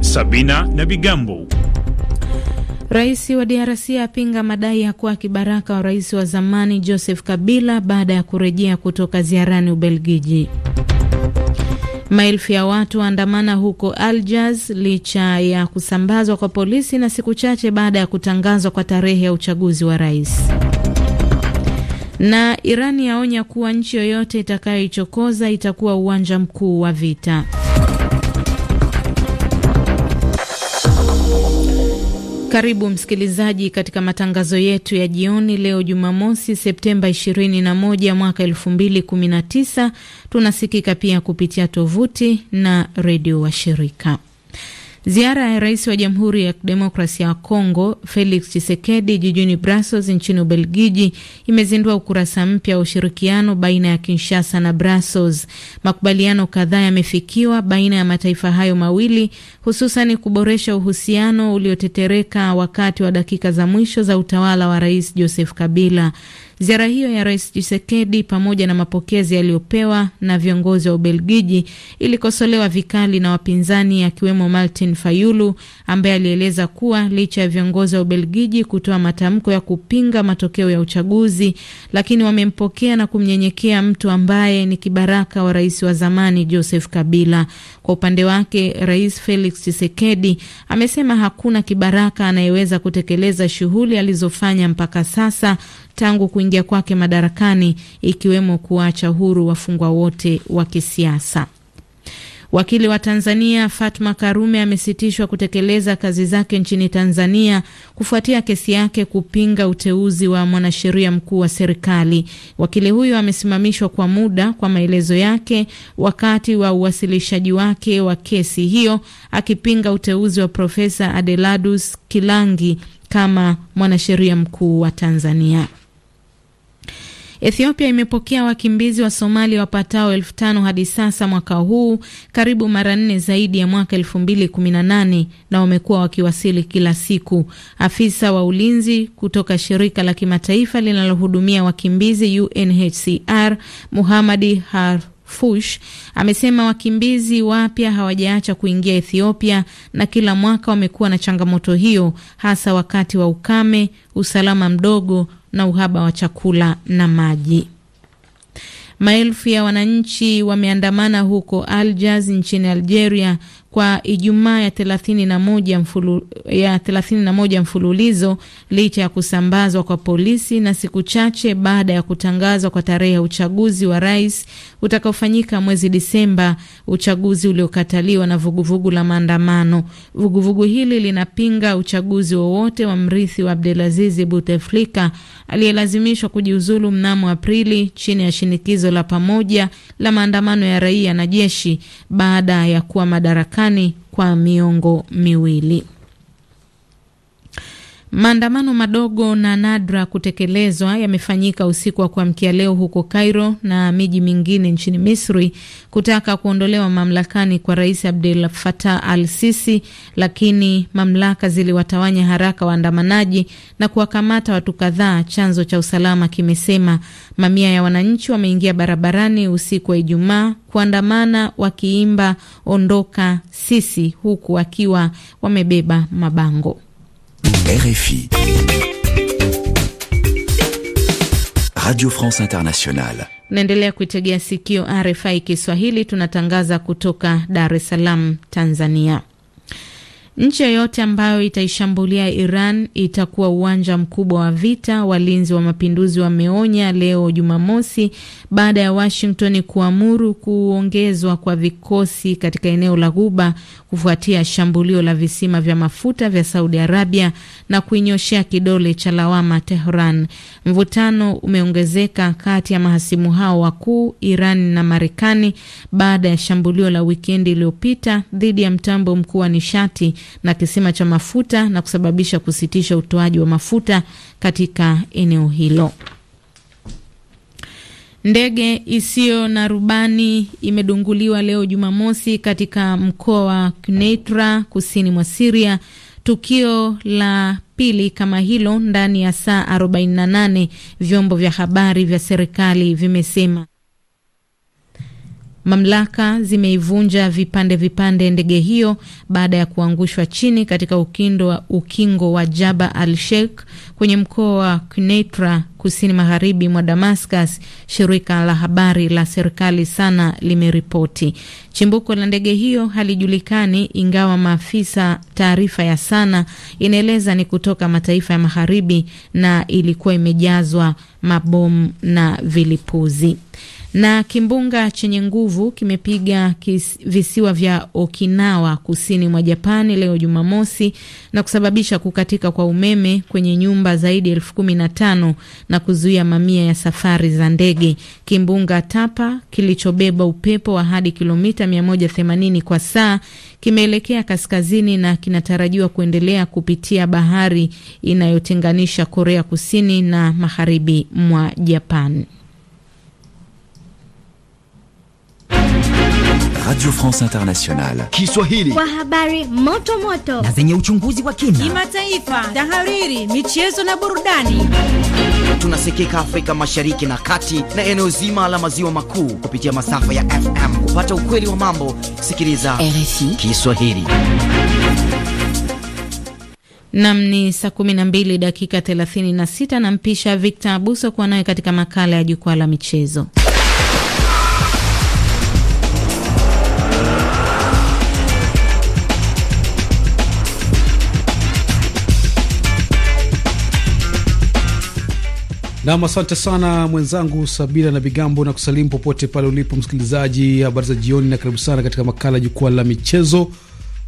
Sabina na Bigambo. Rais wa DRC apinga madai ya kuwa kibaraka wa rais wa zamani Joseph Kabila baada ya kurejea kutoka ziarani Ubelgiji. Maelfu ya watu waandamana huko Algiers licha ya kusambazwa kwa polisi na siku chache baada ya kutangazwa kwa tarehe ya uchaguzi wa rais. Na Irani yaonya kuwa nchi yoyote itakayoichokoza itakuwa uwanja mkuu wa vita. Karibu msikilizaji katika matangazo yetu ya jioni leo Jumamosi, Septemba 21 mwaka 2019. Tunasikika pia kupitia tovuti na redio wa shirika Ziara ya rais wa Jamhuri ya Demokrasia ya Kongo Felix Tshisekedi jijini Brussels nchini Ubelgiji imezindua ukurasa mpya wa ushirikiano baina ya Kinshasa na Brussels. Makubaliano kadhaa yamefikiwa baina ya mataifa hayo mawili, hususan kuboresha uhusiano uliotetereka wakati wa dakika za mwisho za utawala wa Rais Joseph Kabila. Ziara hiyo ya Rais chisekedi pamoja na mapokezi yaliyopewa na viongozi wa Ubelgiji ilikosolewa vikali na wapinzani akiwemo Martin Fayulu ambaye alieleza kuwa licha ya viongozi wa Ubelgiji kutoa matamko ya kupinga matokeo ya uchaguzi, lakini wamempokea na kumnyenyekea mtu ambaye ni kibaraka wa rais wa zamani Joseph Kabila. Kwa upande wake, Rais Felix chisekedi amesema hakuna kibaraka anayeweza kutekeleza shughuli alizofanya mpaka sasa tangu kuingia kuingia kwake madarakani ikiwemo kuacha huru wafungwa wote wa kisiasa. Wakili wa Tanzania Fatma Karume amesitishwa kutekeleza kazi zake nchini Tanzania kufuatia kesi yake kupinga uteuzi wa mwanasheria mkuu wa serikali. Wakili huyo amesimamishwa kwa muda kwa maelezo yake wakati wa uwasilishaji wake wa kesi hiyo, akipinga uteuzi wa Profesa Adeladus Kilangi kama mwanasheria mkuu wa Tanzania. Ethiopia imepokea wakimbizi wa Somalia wapatao elfu tano hadi sasa mwaka huu, karibu mara nne zaidi ya mwaka elfu mbili kumi na nane na wamekuwa wakiwasili kila siku. Afisa wa ulinzi kutoka shirika la kimataifa linalohudumia wakimbizi UNHCR Muhamadi Har Fush amesema wakimbizi wapya hawajaacha kuingia Ethiopia na kila mwaka wamekuwa na changamoto hiyo, hasa wakati wa ukame, usalama mdogo na uhaba wa chakula na maji. Maelfu ya wananchi wameandamana huko Algiers nchini Algeria kwa Ijumaa ya 31 mfulu, ya moja mfululizo licha ya kusambazwa kwa polisi na siku chache baada ya kutangazwa kwa tarehe ya uchaguzi wa rais utakaofanyika mwezi Disemba, uchaguzi uliokataliwa na vuguvugu la maandamano. Vuguvugu hili linapinga uchaguzi wowote wa mrithi wa Abdelaziz Buteflika aliyelazimishwa kujiuzulu mnamo Aprili chini ya shinikizo la pamoja la maandamano ya raia na jeshi baada ya kuwa madarakani Marekani kwa miongo miwili. Maandamano madogo na nadra kutekelezwa yamefanyika usiku wa kuamkia leo huko Cairo na miji mingine nchini Misri kutaka kuondolewa mamlakani kwa Rais Abdel Fattah al-Sisi, lakini mamlaka ziliwatawanya haraka waandamanaji na kuwakamata watu kadhaa, chanzo cha usalama kimesema. Mamia ya wananchi wameingia barabarani usiku wa Ijumaa kuandamana wakiimba ondoka Sisi, huku wakiwa wamebeba mabango. RFI. Radio France Internationale. Naendelea kuitegea sikio RFI Kiswahili, tunatangaza kutoka Dar es Salaam, Tanzania. Nchi yoyote ambayo itaishambulia Iran itakuwa uwanja mkubwa wa vita, walinzi wa mapinduzi wameonya leo Jumamosi, baada ya Washington kuamuru kuongezwa kwa vikosi katika eneo la Ghuba kufuatia shambulio la visima vya mafuta vya Saudi Arabia na kuinyoshea kidole cha lawama Tehran. Mvutano umeongezeka kati ya mahasimu hao wakuu, Iran na Marekani, baada ya shambulio la wikendi iliyopita dhidi ya mtambo mkuu wa nishati na kisima cha mafuta na kusababisha kusitisha utoaji wa mafuta katika eneo hilo. Ndege isiyo na rubani imedunguliwa leo Jumamosi katika mkoa wa Kuneitra kusini mwa Siria, tukio la pili kama hilo ndani ya saa 48, vyombo vya habari vya serikali vimesema. Mamlaka zimeivunja vipande vipande ndege hiyo baada ya kuangushwa chini katika ukindo, ukingo wa Jaba al Sheikh kwenye mkoa wa kunetra kusini magharibi mwa Damascus, shirika la habari la serikali SANA limeripoti. Chimbuko la ndege hiyo halijulikani, ingawa maafisa, taarifa ya SANA inaeleza ni kutoka mataifa ya magharibi na ilikuwa imejazwa mabomu na vilipuzi. Na kimbunga chenye nguvu kimepiga kis, visiwa vya Okinawa kusini mwa Japani leo Jumamosi na kusababisha kukatika kwa umeme kwenye nyumba zaidi ya elfu kumi na tano na kuzuia mamia ya safari za ndege. Kimbunga Tapa kilichobeba upepo wa hadi kilomita 180 kwa saa kimeelekea kaskazini na kinatarajiwa kuendelea kupitia bahari inayotenganisha Korea Kusini na magharibi mwa Japan. Radio France Internationale Kiswahili kwa habari moto moto na zenye uchunguzi wa kina, kimataifa, tahariri, michezo na burudani. Tunasikika Afrika Mashariki na Kati na eneo zima la maziwa makuu kupitia masafa ya FM. Kupata ukweli wa mambo, sikiliza RFI Kiswahili. Nam ni saa 12 dakika 36, na mpisha Victor Abuso kuwa naye katika makala ya jukwaa la michezo. Nam, asante sana mwenzangu Sabina na Bigambo, na kusalimu popote pale ulipo msikilizaji. Habari za jioni na karibu sana katika makala Jukwaa la Michezo.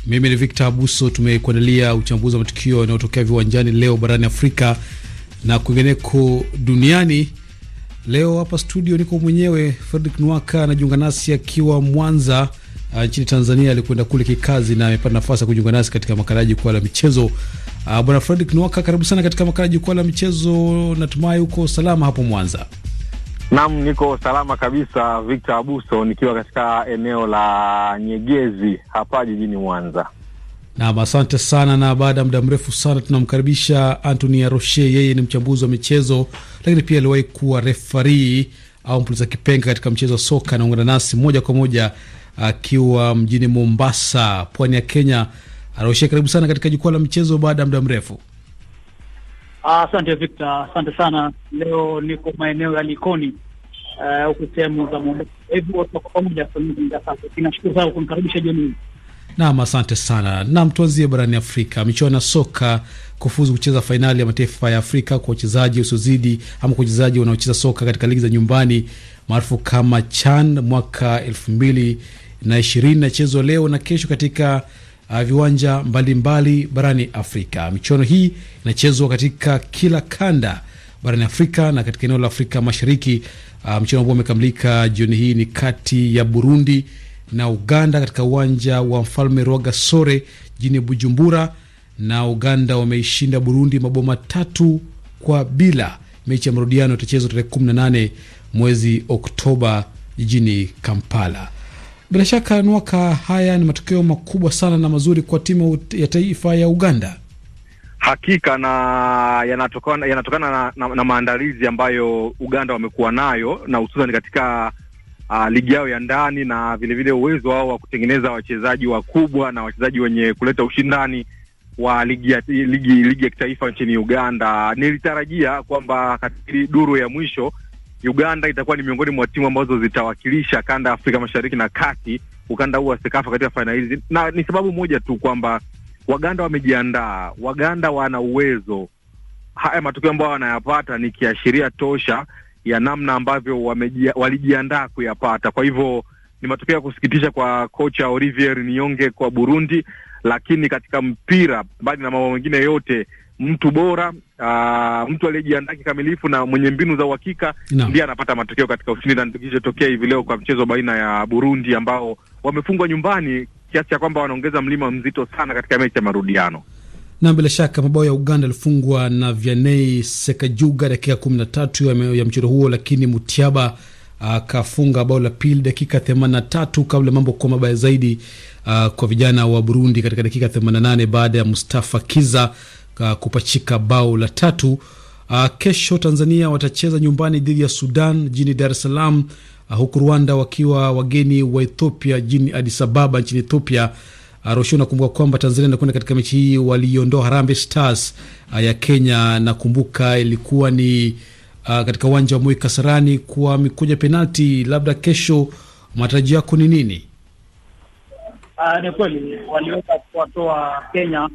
Mimi ni Victor Abuso. Tumekuandalia uchambuzi wa matukio yanayotokea viwanjani leo barani Afrika na kwingineko duniani. Leo hapa studio niko mwenyewe, Fredrick Nwaka anajiunga nasi akiwa Mwanza nchini Tanzania. Alikwenda kule kikazi na amepata nafasi ya kujiunga nasi katika makala ya Jukwaa la Michezo. Uh, bwana Fredrick Nwaka, karibu sana katika makala jukwaa la michezo. Natumai uko salama hapo Mwanza. Naam, niko salama kabisa, Victor Abuso, nikiwa katika eneo la Nyegezi hapa jijini Mwanza. Nam, asante sana. Na baada ya muda mrefu sana tunamkaribisha Anthony Aroshe. Yeye ni mchambuzi wa michezo, lakini pia aliwahi kuwa referee au mpuliza kipenga katika mchezo wa soka. Anaungana nasi moja kwa moja akiwa mjini Mombasa, pwani ya Kenya. Aroshe, karibu sana katika jukwaa la michezo baada ya muda mrefu. Ah, asante ah, Victor, asante sana. Leo niko maeneo ya Likoni eh, huku sehemu za Mombasa, pamoja sasa. Ninashukuru sana kunikaribisha jioni Naam, asante sana. Naam, tuanzie barani Afrika. Michuano ya soka kufuzu kucheza fainali ya mataifa ya Afrika kwa wachezaji usiozidi ama kwa wachezaji wanaocheza soka katika ligi za nyumbani maarufu kama CHAN mwaka elfu mbili na ishirini inachezwa leo na kesho katika uh, viwanja mbalimbali mbali barani Afrika. Michuano hii inachezwa katika kila kanda barani Afrika na katika eneo la Afrika Mashariki. Uh, mchuano ambao umekamilika jioni hii ni kati ya Burundi na Uganda katika uwanja wa Mfalme Rwagasore jijini Bujumbura, na Uganda wameishinda Burundi mabao matatu kwa bila. Mechi ya marudiano itachezwa tarehe 18 mwezi Oktoba jijini Kampala. Bila shaka Nwaka, haya ni matokeo makubwa sana na mazuri kwa timu ya taifa ya Uganda. Hakika na yanatokana, yanatokana na, na, na maandalizi ambayo Uganda wamekuwa nayo na hususan katika uh, ligi yao ya ndani na vilevile uwezo wao wa kutengeneza wachezaji wakubwa na wachezaji wenye kuleta ushindani wa ligi ya, ligi, ligi ya kitaifa nchini Uganda. Nilitarajia kwamba katika duru ya mwisho Uganda itakuwa ni miongoni mwa timu ambazo zitawakilisha kanda ya Afrika Mashariki na Kati, ukanda huu wa Sekafa katika fainali hizi, na ni sababu moja tu kwamba Waganda wamejiandaa, Waganda wana uwezo. Haya matokeo ambayo wanayapata ni kiashiria tosha ya namna ambavyo walijiandaa kuyapata. Kwa hivyo ni matokeo ya kusikitisha kwa kocha Olivier nionge kwa Burundi, lakini katika mpira, mbali na mambo mengine yote, mtu bora uh, mtu aliyejiandaa kikamilifu na mwenye mbinu za uhakika no. ndiye anapata matokeo katika ushindi, na kilichotokea hivi leo kwa mchezo baina ya Burundi ambao wamefungwa nyumbani kiasi cha kwamba wanaongeza mlima mzito sana katika mechi ya marudiano. Na bila shaka mabao ya Uganda yalifungwa na Vianney Sekajuga dakika kumi na tatu ya, mchezo huo, lakini Mutiaba akafunga ah, bao la pili dakika themanini tatu kabla mambo kuwa mabaya zaidi uh, kwa vijana wa Burundi katika dakika 88 baada ya Mustafa Kiza uh, kupachika bao la tatu. Uh, kesho Tanzania watacheza nyumbani dhidi ya Sudan jijini Dar es Salaam, uh, huku Rwanda wakiwa wageni wa Ethiopia jijini Addis Ababa nchini Ethiopia. Uh, ah, nakumbuka kwamba Tanzania inakwenda katika mechi hii, waliondoa Harambee Stars uh, ya Kenya. Nakumbuka ilikuwa ni uh, katika uwanja wa Moi Kasarani kwa mikuja penalti. Labda kesho matarajio yako ni nini? Uh, ni kweli waliweza kuwatoa Kenya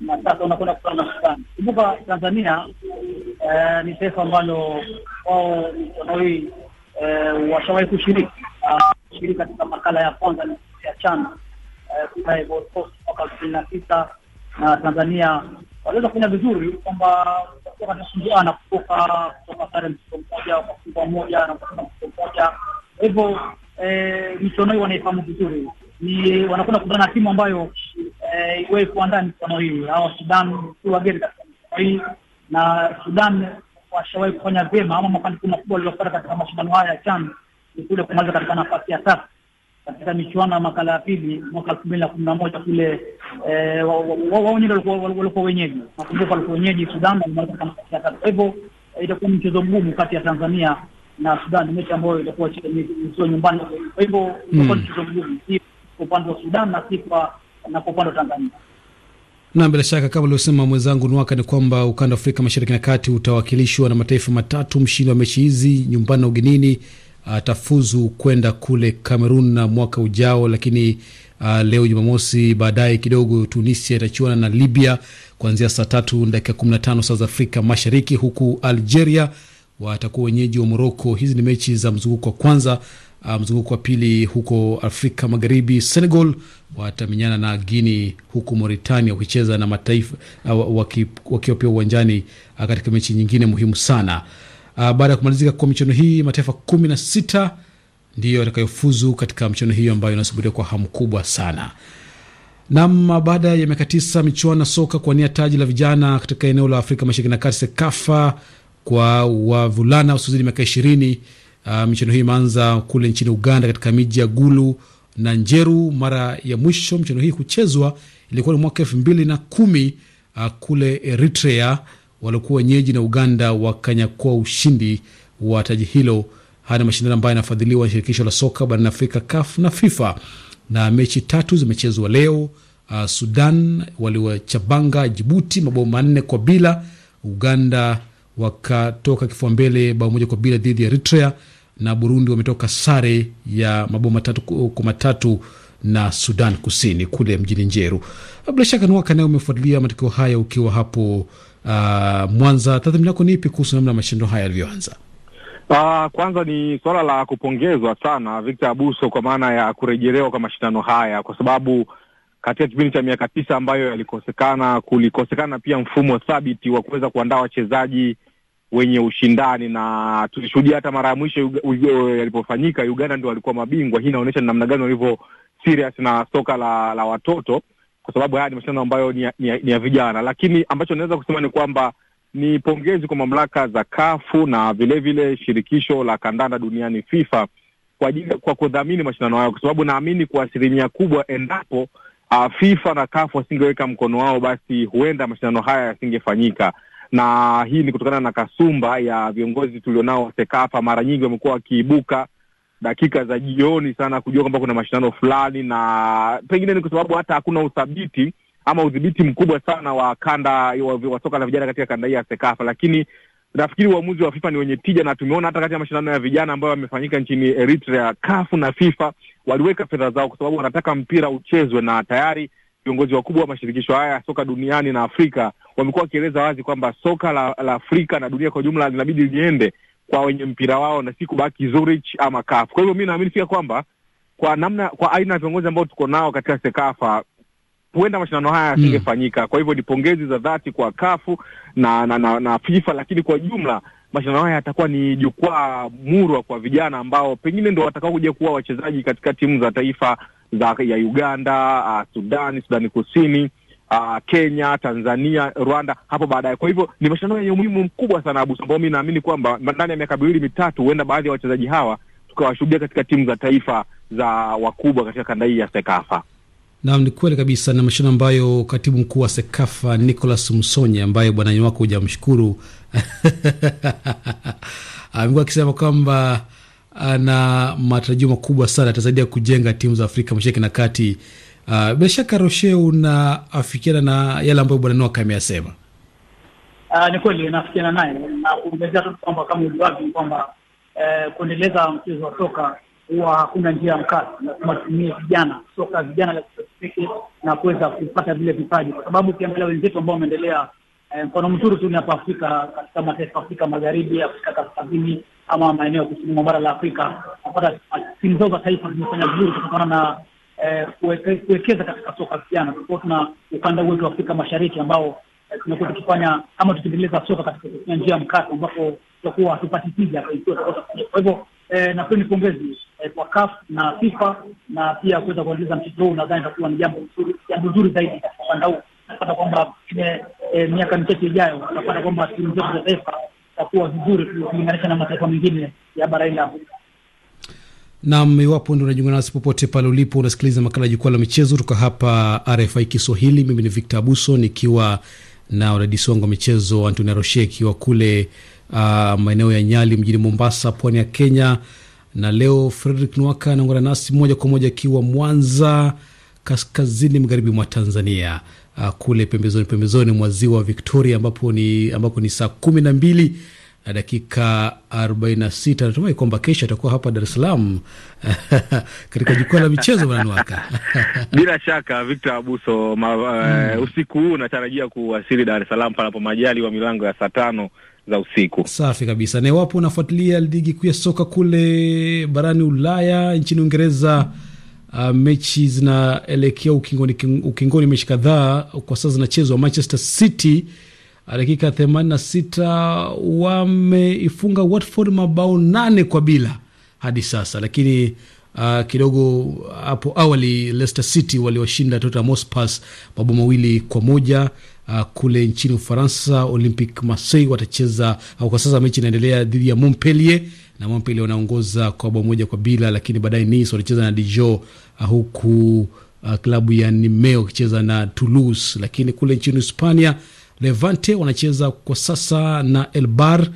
na sasa unakwenda kukutana na Sudani. Kumbuka Tanzania eh, ni taifa ambalo wao wanawi eh, washawahi kushiriki ah, kushiriki katika makala ya kwanza ya chana eh, mwaka elfu mbili na tisa na Tanzania waliweza kufanya vizuri kwamba na kutoka kutoka sare mtoto mmoja wakafungwa moja na mtoto mmoja. Kwa hivyo eh, michuano hii wanaifahamu vizuri, ni wanakwenda kukutana na timu ambayo Eh, iwe ndani michuano hii. au Sudan si wageni katika michuano hii, na Sudan washawahi kufanya vyema ama mafanikio makubwa waliopata katika mashindano haya ya CHAN ni kule kumaliza katika nafasi ya tatu katika michuano ya makala ya pili mwaka elfu mbili na kumi na moja kule eh, wao wenyewe walikuwa wenyeji, nakumbuka walikuwa wenyeji Sudan, walimaliza katika nafasi ya tatu. Kwa hivyo eh, itakuwa mchezo mgumu kati ya Tanzania na Sudan, mechi ambayo itakuwa sio nyumbani. Kwa hivyo itakuwa hmm. mchezo mgumu, si kwa upande wa Sudan na si kwa na kwa upande wa Tanzania. Na bila shaka kama alivyosema mwenzangu Nwaka ni kwamba ukanda wa Afrika Mashariki na Kati utawakilishwa na mataifa matatu. Mshindi wa mechi hizi nyumbani na ugenini atafuzu ah, kwenda kule Kamerun na mwaka ujao, lakini uh, leo Jumamosi baadaye kidogo Tunisia itachuana na Libya kuanzia saa tatu dakika 15 saa za Afrika Mashariki, huku Algeria watakuwa wenyeji wa Moroko. Hizi ni mechi za mzunguko wa kwanza Uh, mzunguko wa pili huko Afrika Magharibi, Senegal watamenyana na Guini, huku Mauritania wakicheza na mataifa uh, wakiwa pia uwanjani uh, katika mechi nyingine muhimu sana. Baada ya kumalizika kwa michuano hii, mataifa kumi na sita ndiyo yatakayofuzu katika michuano hiyo ambayo inasubiriwa kwa hamu kubwa sana. Nam, baada ya miaka tisa michuano ya soka kuwania taji la vijana katika eneo la Afrika Mashariki na Kati, SEKAFA, kwa wavulana wasiozidi miaka ishirini Uh, ah, michuano hii imeanza kule nchini Uganda katika miji ya Gulu na Njeru. Mara ya mwisho michuano hii kuchezwa ilikuwa ni mwaka elfu mbili na kumi uh, kule Eritrea waliokuwa wenyeji na Uganda wakanyakua ushindi wa taji hilo. Haya ni mashindano ambayo yanafadhiliwa na shirikisho la soka barani Afrika, CAF na FIFA, na mechi tatu zimechezwa leo. Uh, Sudan waliwachabanga Jibuti mabao manne kwa bila. Uganda wakatoka kifua mbele bao moja kwa bila dhidi ya Eritrea na Burundi wametoka sare ya mabao matatu kwa matatu na Sudan Kusini kule mjini Njeru. Bila shaka waka naye umefuatilia matokeo haya ukiwa hapo uh, Mwanza. Tathmini yako ni ipi kuhusu namna mashindo haya yalivyoanza? Uh, kwanza ni suala la kupongezwa sana Victor Abuso kwa maana ya kurejelewa kwa mashindano haya, kwa sababu katika kipindi cha miaka tisa ambayo yalikosekana, kulikosekana pia mfumo thabiti wa kuweza kuandaa wachezaji wenye ushindani, na tulishuhudia hata mara ya mwisho yalipofanyika Uganda ndio walikuwa mabingwa. Hii inaonyesha ni namna gani walivyo serious na soka la, la watoto, kwa sababu haya ni mashindano ambayo ni ya, ni ya, ni ya vijana. Lakini ambacho naweza kusema ni kwamba ni pongezi kwa mamlaka za Kafu na vilevile vile shirikisho la kandanda duniani FIFA kwa ajili kwa kudhamini mashindano hayo, kwa sababu naamini kwa asilimia kubwa endapo uh, FIFA na Kafu wasingeweka mkono wao, basi huenda mashindano haya yasingefanyika na hii ni kutokana na kasumba ya viongozi tulionao wa Mara nyingi wamekuwa wakiibuka dakika za jioni sana kujua kwamba kuna mashindano fulani, na pengine ni kwa sababu hata hakuna uthabiti ama udhibiti mkubwa sana wa kanda wa, wa soka la vijana katika kanda hii ya Sekafa, lakini nafikiri uamuzi wa FIFA ni wenye tija, na tumeona hata katika mashindano ya vijana ambayo yamefanyika nchini Eritrea, kafu na FIFA waliweka fedha zao kwa sababu wanataka mpira uchezwe, na tayari viongozi wakubwa wa mashirikisho haya ya soka duniani na Afrika wamekuwa wakieleza wazi kwamba soka la, la Afrika na dunia kwa ujumla linabidi liende kwa wenye mpira wao na si kubaki Zurich ama CAF. Kwa hivyo mi naamini fika kwamba kwa namna, kwa aina ya viongozi ambao tuko nao katika Sekafa huenda mashindano haya mm. yasingefanyika. Mm. Kwa hivyo ni pongezi za dhati kwa kafu na na, na na FIFA, lakini kwa jumla mashindano haya yatakuwa ni jukwaa murwa kwa vijana ambao pengine ndo watakao kuja kuwa wachezaji katika timu za taifa za ya Uganda, Sudani, ah, Sudani Kusini uh, Kenya, Tanzania, Rwanda hapo baadaye. Kwa hivyo ni mashindano yenye umuhimu mkubwa sana, Abuso, ambao mi naamini kwamba ndani ya miaka miwili mitatu, huenda baadhi ya wachezaji hawa tukawashuhudia katika timu za taifa za wakubwa katika kanda hii ya SEKAFA. Naam, ni kweli kabisa, na mashindano ambayo katibu mkuu wa SEKAFA Nicolas Msonye, ambaye bwana wako hujamshukuru amekuwa akisema kwamba ana matarajio makubwa sana, atasaidia kujenga timu za Afrika Mashariki na Kati. Uh, bila shaka Roshe, unaafikiana na yale ambayo bwana Noah ameyasema? Uh, ah, ni kweli nafikiana naye na kuongezea tu kwamba kama ni kwamba eh, kuendeleza mchezo wa soka huwa hakuna njia mkazi, lazima tutumie vijana soka vijana la kipekee na kuweza kupata vile vipaji, kwa sababu ukiangalia wenzetu ambao wameendelea eh, mfano mzuri tu ni hapa Afrika, katika mataifa Afrika Magharibi, Afrika Kaskazini ama maeneo ya kusini mwa bara la Afrika, napata timu zao za taifa zimefanya vizuri kutokana na Eh, kuwekeza katika soka vijana. Tulikuwa tuna ukanda wetu wa Afrika Mashariki ambao tumekuwa tukifanya ama tukiendeleza soka katika njia ya mkato, ambapo tutakuwa hatupati tija. Kwa hivyo eh, nafikiri ni pongezi eh, kwa CAF na FIFA na pia kuweza kuendeleza mchezo huu, nadhani itakuwa ni jambo zuri, jambo zuri zaidi katika ukanda huu. Napata kwamba miaka michache ijayo tutapata kwamba timu zetu za taifa zitakuwa vizuri kulinganisha na mataifa mengine ya bara la Afrika. Nam, iwapo ndo unajiunga nasi popote pale ulipo, unasikiliza makala ya jukwaa la michezo kutoka hapa RFI Kiswahili. Mimi ni Victor Abuso nikiwa na wadadisi wangu wa michezo Antoni Roche akiwa kule uh, maeneo ya Nyali mjini Mombasa, pwani ya Kenya, na leo Fredrik Nwaka anaungana nasi moja kwa moja akiwa Mwanza, kaskazini magharibi mwa Tanzania, uh, kule pembezoni pembezoni mwa ziwa Victoria, ambapo ni ni saa kumi na mbili na dakika 46. Natumai kwamba kesho atakuwa hapa Dar es Salaam katika jukwaa la michezo bwana Nwaka. Bila shaka Victor Abuso ma, mm. uh, usiku huu natarajia kuwasili Dar es Salaam panapo majali wa milango ya saa tano za usiku. Safi kabisa. Na iwapo unafuatilia ligi kuu ya soka kule barani Ulaya, nchini Uingereza, uh, mechi zinaelekea ukingoni, ukingoni, mechi kadhaa kwa sasa zinachezwa. Manchester City dakika 86 wameifunga Watford mabao nane kwa bila hadi sasa, lakini uh, kidogo hapo awali Leicester City waliwashinda Tottenham Hotspur mabao mawili kwa moja. Uh, kule nchini Ufaransa Olympic Marseille watacheza au kwa sasa mechi inaendelea dhidi ya Montpellier na Montpellier wanaongoza kwa bao moja kwa bila, lakini baadaye Nice watacheza na Dijon uh, huku uh, klabu ya Nimeo wakicheza na Toulouse, lakini kule nchini Hispania Levante wanacheza kwa sasa na Elbar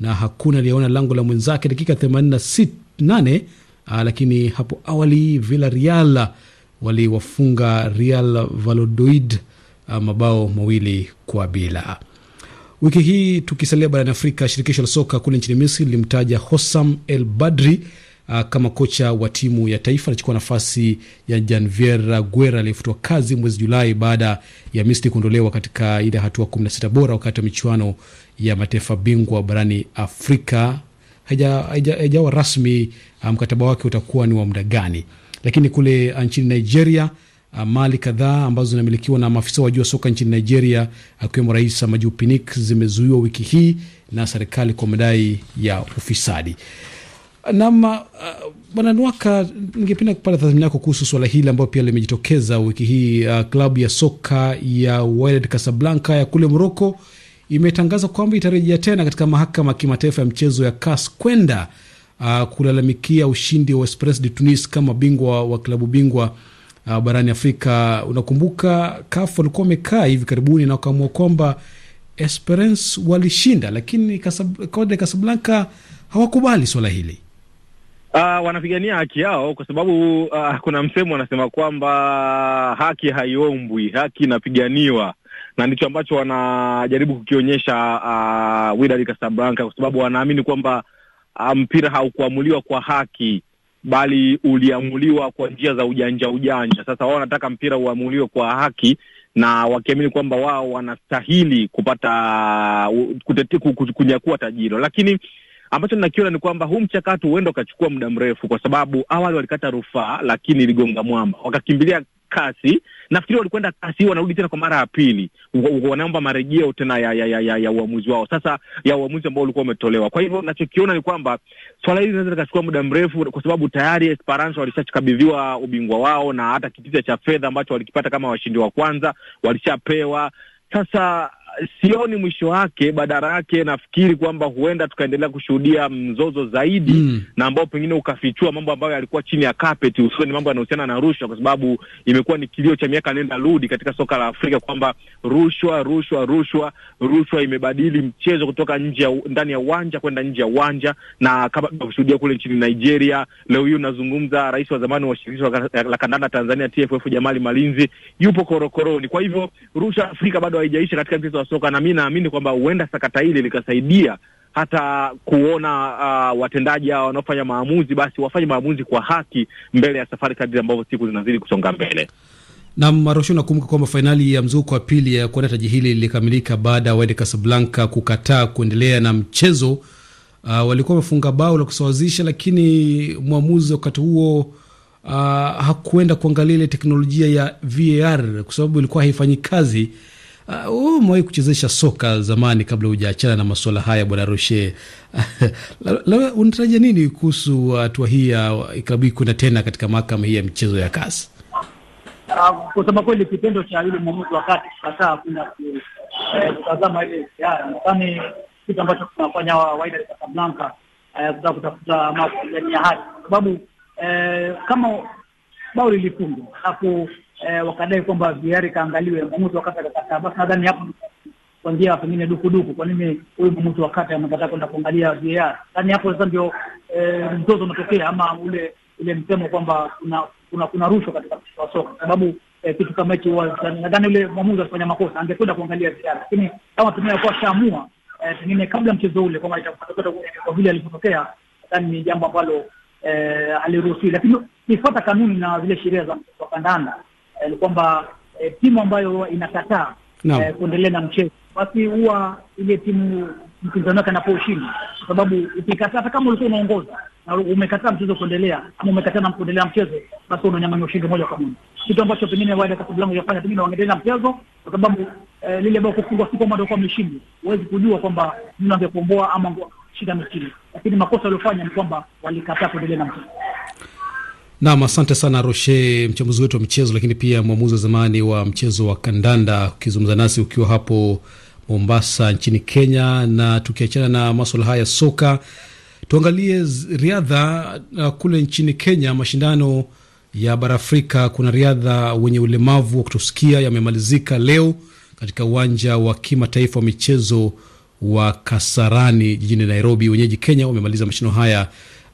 na hakuna aliyeona lango la mwenzake dakika 88, ah, lakini hapo awali Villarreal waliwafunga Real Valladolid ah, mabao mawili kwa bila. Wiki hii tukisalia barani Afrika, shirikisho la soka kule nchini Misri lilimtaja Hossam El Badri uh, kama kocha wa timu ya taifa anachukua nafasi ya Janvier Guerra aliyefutwa kazi mwezi Julai baada ya Misri kuondolewa katika ile hatua 16 bora wakati wa michuano ya mataifa bingwa barani Afrika. Haijawa rasmi ah, mkataba um, wake utakuwa ni wa muda gani, lakini kule ah, nchini Nigeria mali kadhaa ambazo zinamilikiwa na maafisa wa juu wa soka nchini Nigeria akiwemo Rais Amaju zimezuiwa wiki hii na serikali kwa madai ya ufisadi. Nam uh, Bwana Nwaka, ningependa kupata tathmini yako kuhusu swala hili ambayo pia limejitokeza wiki hii. Uh, klabu ya soka ya wild Casablanca ya kule Moroko imetangaza kwamba itarejea tena katika mahakama ya kimataifa ya mchezo ya CAS kwenda uh, kulalamikia ushindi wa express de Tunis kama bingwa wa klabu bingwa uh, barani Afrika. Unakumbuka CAF walikuwa wamekaa hivi karibuni na wakaamua kwamba Esperance walishinda, lakini Casablanca hawakubali swala hili. Uh, wanapigania haki yao kwa sababu uh, kuna msemo wanasema kwamba haki haiombwi, haki inapiganiwa, na ndicho ambacho wanajaribu kukionyesha uh, Wydad Casablanca, kwa sababu wanaamini kwamba uh, mpira haukuamuliwa kwa haki, bali uliamuliwa kwa njia za ujanja ujanja. Sasa wao wanataka mpira uamuliwe kwa haki na wakiamini kwamba wao wanastahili kupata kunyakua tajiro, lakini Ambacho ninakiona ni kwamba huu mchakato huenda ukachukua muda mrefu, kwa sababu awali walikata rufaa, lakini iligonga mwamba, wakakimbilia kasi. Nafikiri walikwenda kasi, wanarudi tena kwa mara ya pili, wanaomba marejeo tena ya, ya, ya, ya, ya uamuzi wao sasa, ya uamuzi ambao ulikuwa umetolewa. Kwa hivyo nachokiona ni kwamba swala hili linaweza likachukua muda mrefu, kwa sababu tayari Esperance walishakabidhiwa ubingwa wao na hata kitita cha fedha ambacho walikipata kama washindi wa kwanza walishapewa. Sasa sioni mwisho wake. Badala yake nafikiri kwamba huenda tukaendelea kushuhudia mzozo zaidi mm, na ambao pengine ukafichua mambo ambayo yalikuwa chini ya kapeti, hususani mambo yanahusiana na rushwa, kwa sababu imekuwa ni kilio cha miaka nenda rudi katika soka la Afrika kwamba rushwa, rushwa, rushwa, rushwa imebadili mchezo kutoka nje ya ndani ya uwanja kwenda nje ya uwanja, na kama tunashuhudia kule nchini Nigeria leo hii unazungumza, rais wa zamani wa shirikisho la kandanda Tanzania TFF Jamali Malinzi yupo korokoroni. Kwa hivyo rushwa Afrika bado haijaisha katika mchezo wa soka, na mi naamini kwamba huenda sakata hili likasaidia hata kuona uh, watendaji hao wanaofanya maamuzi basi wafanye maamuzi kwa haki mbele ya safari kadri ambavyo siku zinazidi kusonga mbele. Na Marosho, nakumbuka kwamba fainali ya mzunguko wa pili ya kuwania taji hili lilikamilika baada ya Wydad Casablanca kukataa kuendelea na mchezo. Uh, walikuwa wamefunga bao la kusawazisha, lakini mwamuzi wakati huo uh, hakuenda kuangalia ile teknolojia ya VAR kwa sababu ilikuwa haifanyi kazi. Uh, umewahi kuchezesha soka zamani kabla hujaachana na masuala haya bwana roshe Unatarajia nini kuhusu hatua uh, hii ya uh, klabu hii kwenda tena katika mahakama hii ya michezo ya kasi? Uh, kusema kweli kitendo cha yule mwamuzi wa kati kukataa kuna eh, kutazama ile nadhani kitu ambacho tunafanya waida Casablanca eh, kutaka kutafuta ama ya haki, kwa sababu eh, kama bao lilifungwa alafu eh, wakadai kwamba VAR ikaangaliwe, mwamuzi wa kata akakataa. Basi nadhani hapo kuanzia pengine dukuduku, kwa nini huyu mwamuzi wa kata amekataa kwenda kuangalia VAR? Yani hapo sasa ndio eh, mzozo unatokea ama ule ile msemo kwamba kuna kuna, kuna rushwa katika mchezo wa soka, sababu eh, kitu kama hicho huwa nadhani ule mwamuzi alifanya makosa, angekwenda kuangalia VAR, lakini kama pengine alikuwa ashaamua eh, pengine eh, kabla mchezo ule kwamba kwa vile alivyotokea, nadhani ni jambo ambalo eh, aliruhusiwi, lakini ifuata kanuni na zile sheria za kandanda Eh, ni kwamba eh, timu ambayo huwa inakataa no. eh, kuendelea na mchezo basi huwa ile timu mpinzani wake anapoushinda, kwa sababu ukikataa, hata kama ulikuwa unaongoza na umekataa mchezo kuendelea ama umekataa na kuendelea mchezo, basi unanyang'anywa ushindi moja kwa moja, kitu ambacho pengine wale Wydad Casablanca ingefanya, pengine wangeendelea mchezo, kwa sababu eh, lile bao kufungwa si kwamba ndio kwa mshindi, huwezi kujua kwamba mimi angekomboa ama shida mchini, lakini makosa waliofanya ni kwamba walikataa kuendelea na mchezo. Nam, asante sana Roshe, mchambuzi wetu wa michezo, lakini pia mwamuzi wa zamani wa mchezo wa kandanda, ukizungumza nasi ukiwa hapo Mombasa nchini Kenya. Na tukiachana na maswala haya soka, tuangalie riadha uh, kule nchini Kenya. Mashindano ya bara Afrika kuna riadha wenye ulemavu wa kutosikia yamemalizika leo katika uwanja wa kimataifa wa michezo wa Kasarani jijini Nairobi. Wenyeji Kenya wamemaliza mashindano haya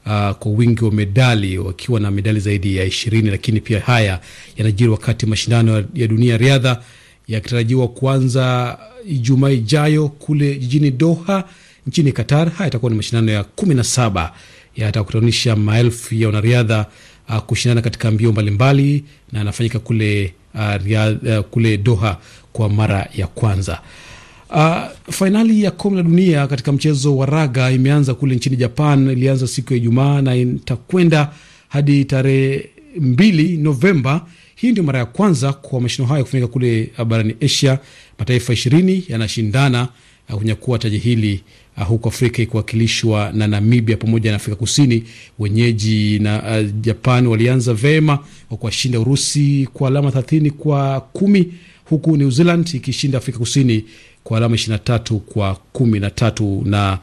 uh, kwa wingi wa medali wakiwa na medali zaidi ya ishirini. Lakini pia haya yanajiri wakati mashindano ya dunia ya riadha yakitarajiwa kuanza Ijumaa ijayo kule jijini Doha nchini Qatar. Haya yatakuwa ni mashindano ya kumi na saba yatakutanisha maelfu ya wanariadha uh, kushindana katika mbio mbalimbali na yanafanyika kule, uh, uh, kule Doha kwa mara ya kwanza. Uh, fainali ya kombe la dunia katika mchezo wa raga imeanza kule nchini Japan. Ilianza siku ya Ijumaa na itakwenda hadi tarehe mbili Novemba. Hii ndio mara ya kwanza kwa mashindano hayo kufanyika kule uh, barani Asia. Mataifa ishirini yanashindana uh, kunyakua taji hili, uh, huko Afrika ikiwakilishwa na Namibia pamoja na Afrika Kusini. Wenyeji na uh, Japan walianza vema kwa kuwashinda Urusi kwa alama 30 kwa kumi, huku New Zealand ikishinda Afrika Kusini kwa alama 23 kwa kumi na tatu na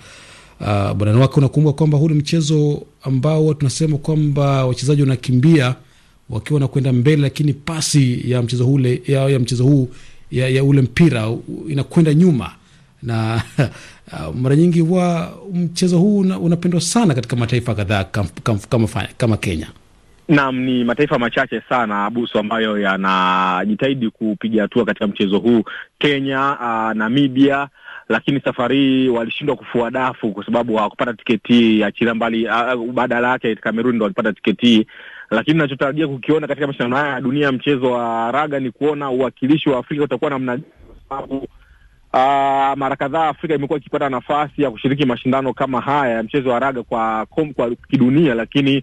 uh, bwana wake, unakumbuka kwamba huu ni mchezo ambao tunasema kwamba wachezaji wanakimbia wakiwa wanakwenda mbele, lakini pasi ya mchezo ule ya, ya mchezo huu ya, ya ule mpira inakwenda nyuma na uh, mara nyingi huwa mchezo huu unapendwa sana katika mataifa kadhaa kama, kama, kama Kenya. Naam, ni mataifa machache sana Abuso ambayo yanajitahidi kupiga hatua katika mchezo huu: Kenya, uh, Namibia lakini safari hii walishindwa kufua dafu kwa sababu hawakupata tiketi ya chila mbali. Uh, ah, badala yake Kamerun ndo walipata tiketi. Lakini nachotarajia kukiona katika mashindano haya ya dunia ya mchezo wa raga ni kuona uwakilishi wa Afrika utakuwa namna sababu Uh, mara kadhaa Afrika imekuwa ikipata nafasi ya kushiriki mashindano kama haya ya mchezo wa raga kwa, kwa kidunia, lakini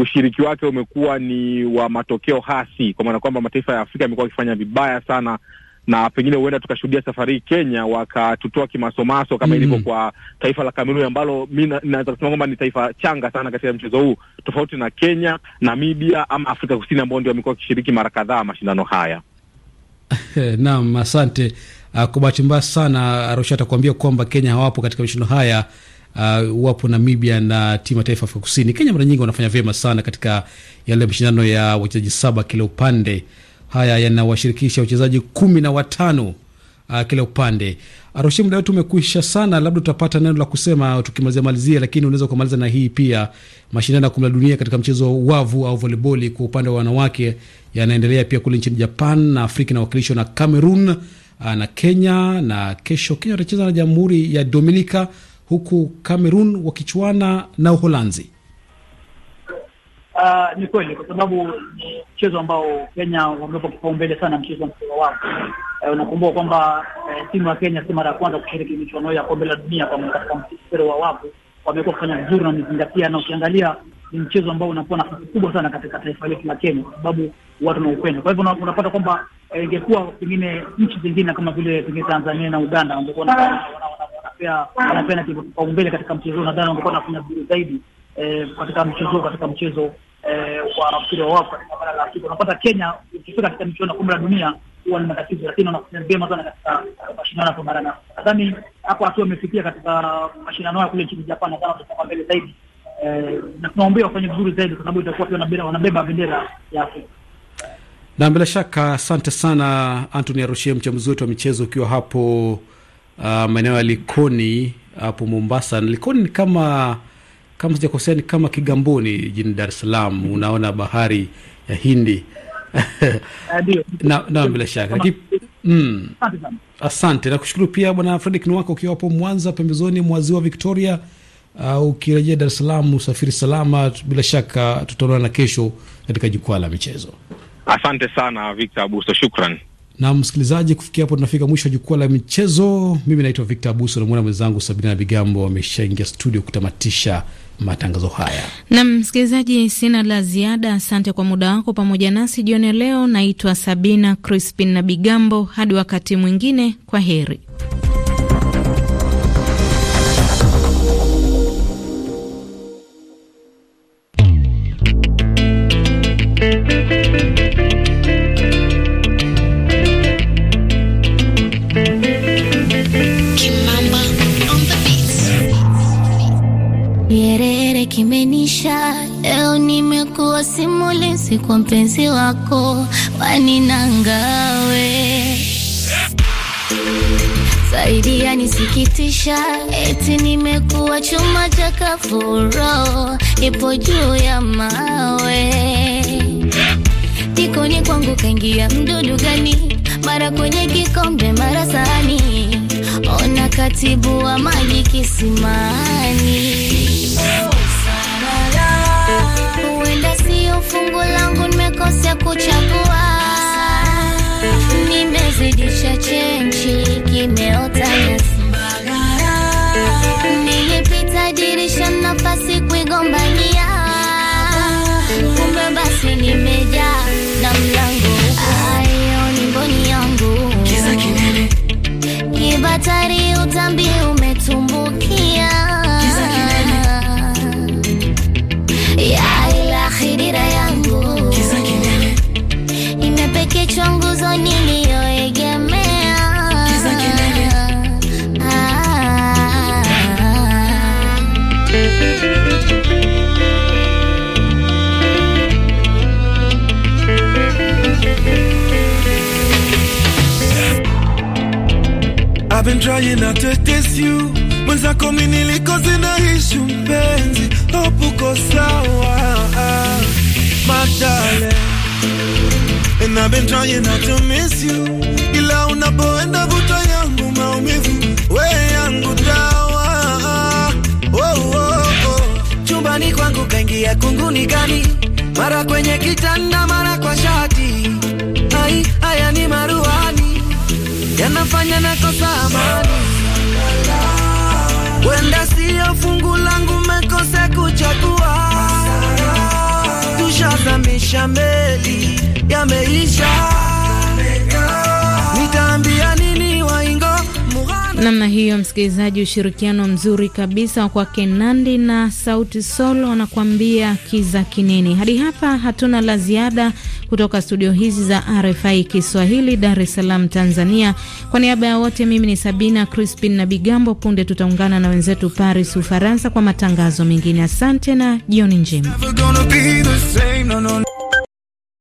ushiriki wake umekuwa ni wa matokeo hasi, kwa maana kwamba mataifa ya Afrika yamekuwa akifanya vibaya sana na pengine huenda tukashuhudia safari hii Kenya wakatutoa kimasomaso kama mm, ilivyo kwa taifa la Kamerun ambalo mi naweza kusema kwamba ni taifa changa sana katika mchezo huu, tofauti na Kenya, Namibia ama Afrika Kusini ambao ndio wamekuwa wakishiriki mara kadhaa mashindano haya. Naam, asante. Ah, kwa bahati mbaya sana Arusha atakuambia kwamba Kenya hawapo katika mashindano haya uh, wapo Namibia na timu ya taifa Afrika Kusini. Kenya mara nyingi wanafanya vyema sana katika yale mashindano ya wachezaji saba kila upande. Haya yanawashirikisha wachezaji kumi na watano uh, kila upande. Uh, Arushi, muda wetu umekwisha sana, labda tutapata neno la kusema tukimalizia malizia, lakini unaweza kumaliza na hii pia. Mashindano ya kombe la dunia katika mchezo wa wavu au volleyball kwa upande wa wanawake yanaendelea pia kule nchini Japan, na Afrika inawakilishwa na Cameroon uh, na Kenya, na kesho Kenya watacheza na Jamhuri ya Dominica huku Cameroon wakichuana na Uholanzi? Uh, ni kweli kwa sababu ni mchezo ambao Kenya wameweka kipaumbele sana mchezo wa wao. Uh, unakumbuka kwamba uh, timu ya Kenya si mara ya kwanza kushiriki michuano ya kombe la dunia kwa katika mpira wa wavu, wamekuwa kufanya vizuri na wamezingatia, na ukiangalia ni mchezo ambao unakuwa nafasi kubwa sana katika taifa letu la Kenya kwa sababu watu wanaupenda. Kwa hivyo unapata kwamba eh, ingekuwa pengine nchi zingine kama vile pengine Tanzania na Uganda wangekuwa na wanapea wanapeana kipaumbele katika mchezo, nadhani wangekuwa nafanya vizuri zaidi eh, katika mchezo katika mchezo eh, wa mpira wa wavu katika bara la Afrika. Unapata Kenya ukifika katika michuano ya kombe la dunia huwa ni matatizo, lakini wanafanya vyema sana katika mashindano hapa barani Afrika. Nadhani hapo akiwa amefikia katika mashindano haya kule nchini Japan, nadhani watasonga mbele zaidi eh, na tunaombea wafanye vizuri zaidi, kwa sababu itakuwa pia wanabeba bendera ya Afrika. Na bila shaka asante sana Anthony Arushie, mchambuzi wetu wa michezo, ukiwa hapo uh, maeneo ya Likoni hapo Mombasa. Likoni ni kama kama sijakosea, ni kama Kigamboni jijini Dar es Salaam, mhm. unaona bahari ya Hindi ah, na, na bila shaka mm, asante na kushukuru pia Bwana Fredrick Nwako ukiwa hapo Mwanza pembezoni mwa ziwa Victoria. Uh, ukirejea Dar es Salaam usafiri salama. Bila shaka tutaonana kesho katika jukwaa la michezo. Asante sana Victor Abuso, shukran. Na msikilizaji, kufikia hapo tunafika mwisho wa jukwaa la michezo. Mimi naitwa Victor Abuso, namwona mwenzangu Sabina Bigambo ameshaingia studio kutamatisha matangazo haya. Nam msikilizaji, sina la ziada. Asante kwa muda wako pamoja nasi jioni ya leo. Naitwa Sabina Crispin na Bigambo. Hadi wakati mwingine, kwa heri. kimenisha. Leo nimekuwa simulizi kwa mpenzi wako, waninangawe zaidi nisikitisha eti nimekuwa chuma cha kafuro, ipo juu ya mawe. Jikoni kwangu kaingia mdudu gani? Mara kwenye kikombe, mara sahani, ona katibu wa maji kisimani fungu langu nimekosea kuchagua, nimezidisha chenchi kimeota nyasi, nilipita dirisha, nafasi kuigombania, kumbe basi nimejaa na mlango ayo ni mboni yangu kibatari utambi I've been trying not to test you mwenzako minilikozi zinaishi mpenzi hopuko sawa matale And I've been trying not to miss you ila unapoenda vuta yangu maumivu we yangu dawa oh, oh, oh. chumbani kwangu kaingia kunguni gani mara kwenye kitanda mara kwa shati hai haya ni maruwa yanafanya na kosa amani, wenda si fungu langu, mekose kuchagua, tushazamisha meli, yameisha namna hiyo, msikilizaji, ushirikiano mzuri kabisa wa kwake Nandi na Sauti Sol wanakuambia kiza kinini Hadi hapa hatuna la ziada kutoka studio hizi za RFI Kiswahili, Dar es Salaam, Tanzania. Kwa niaba ya wote, mimi ni Sabina Crispin na Bigambo. Punde tutaungana na wenzetu Paris, Ufaransa, kwa matangazo mengine. Asante na jioni njema.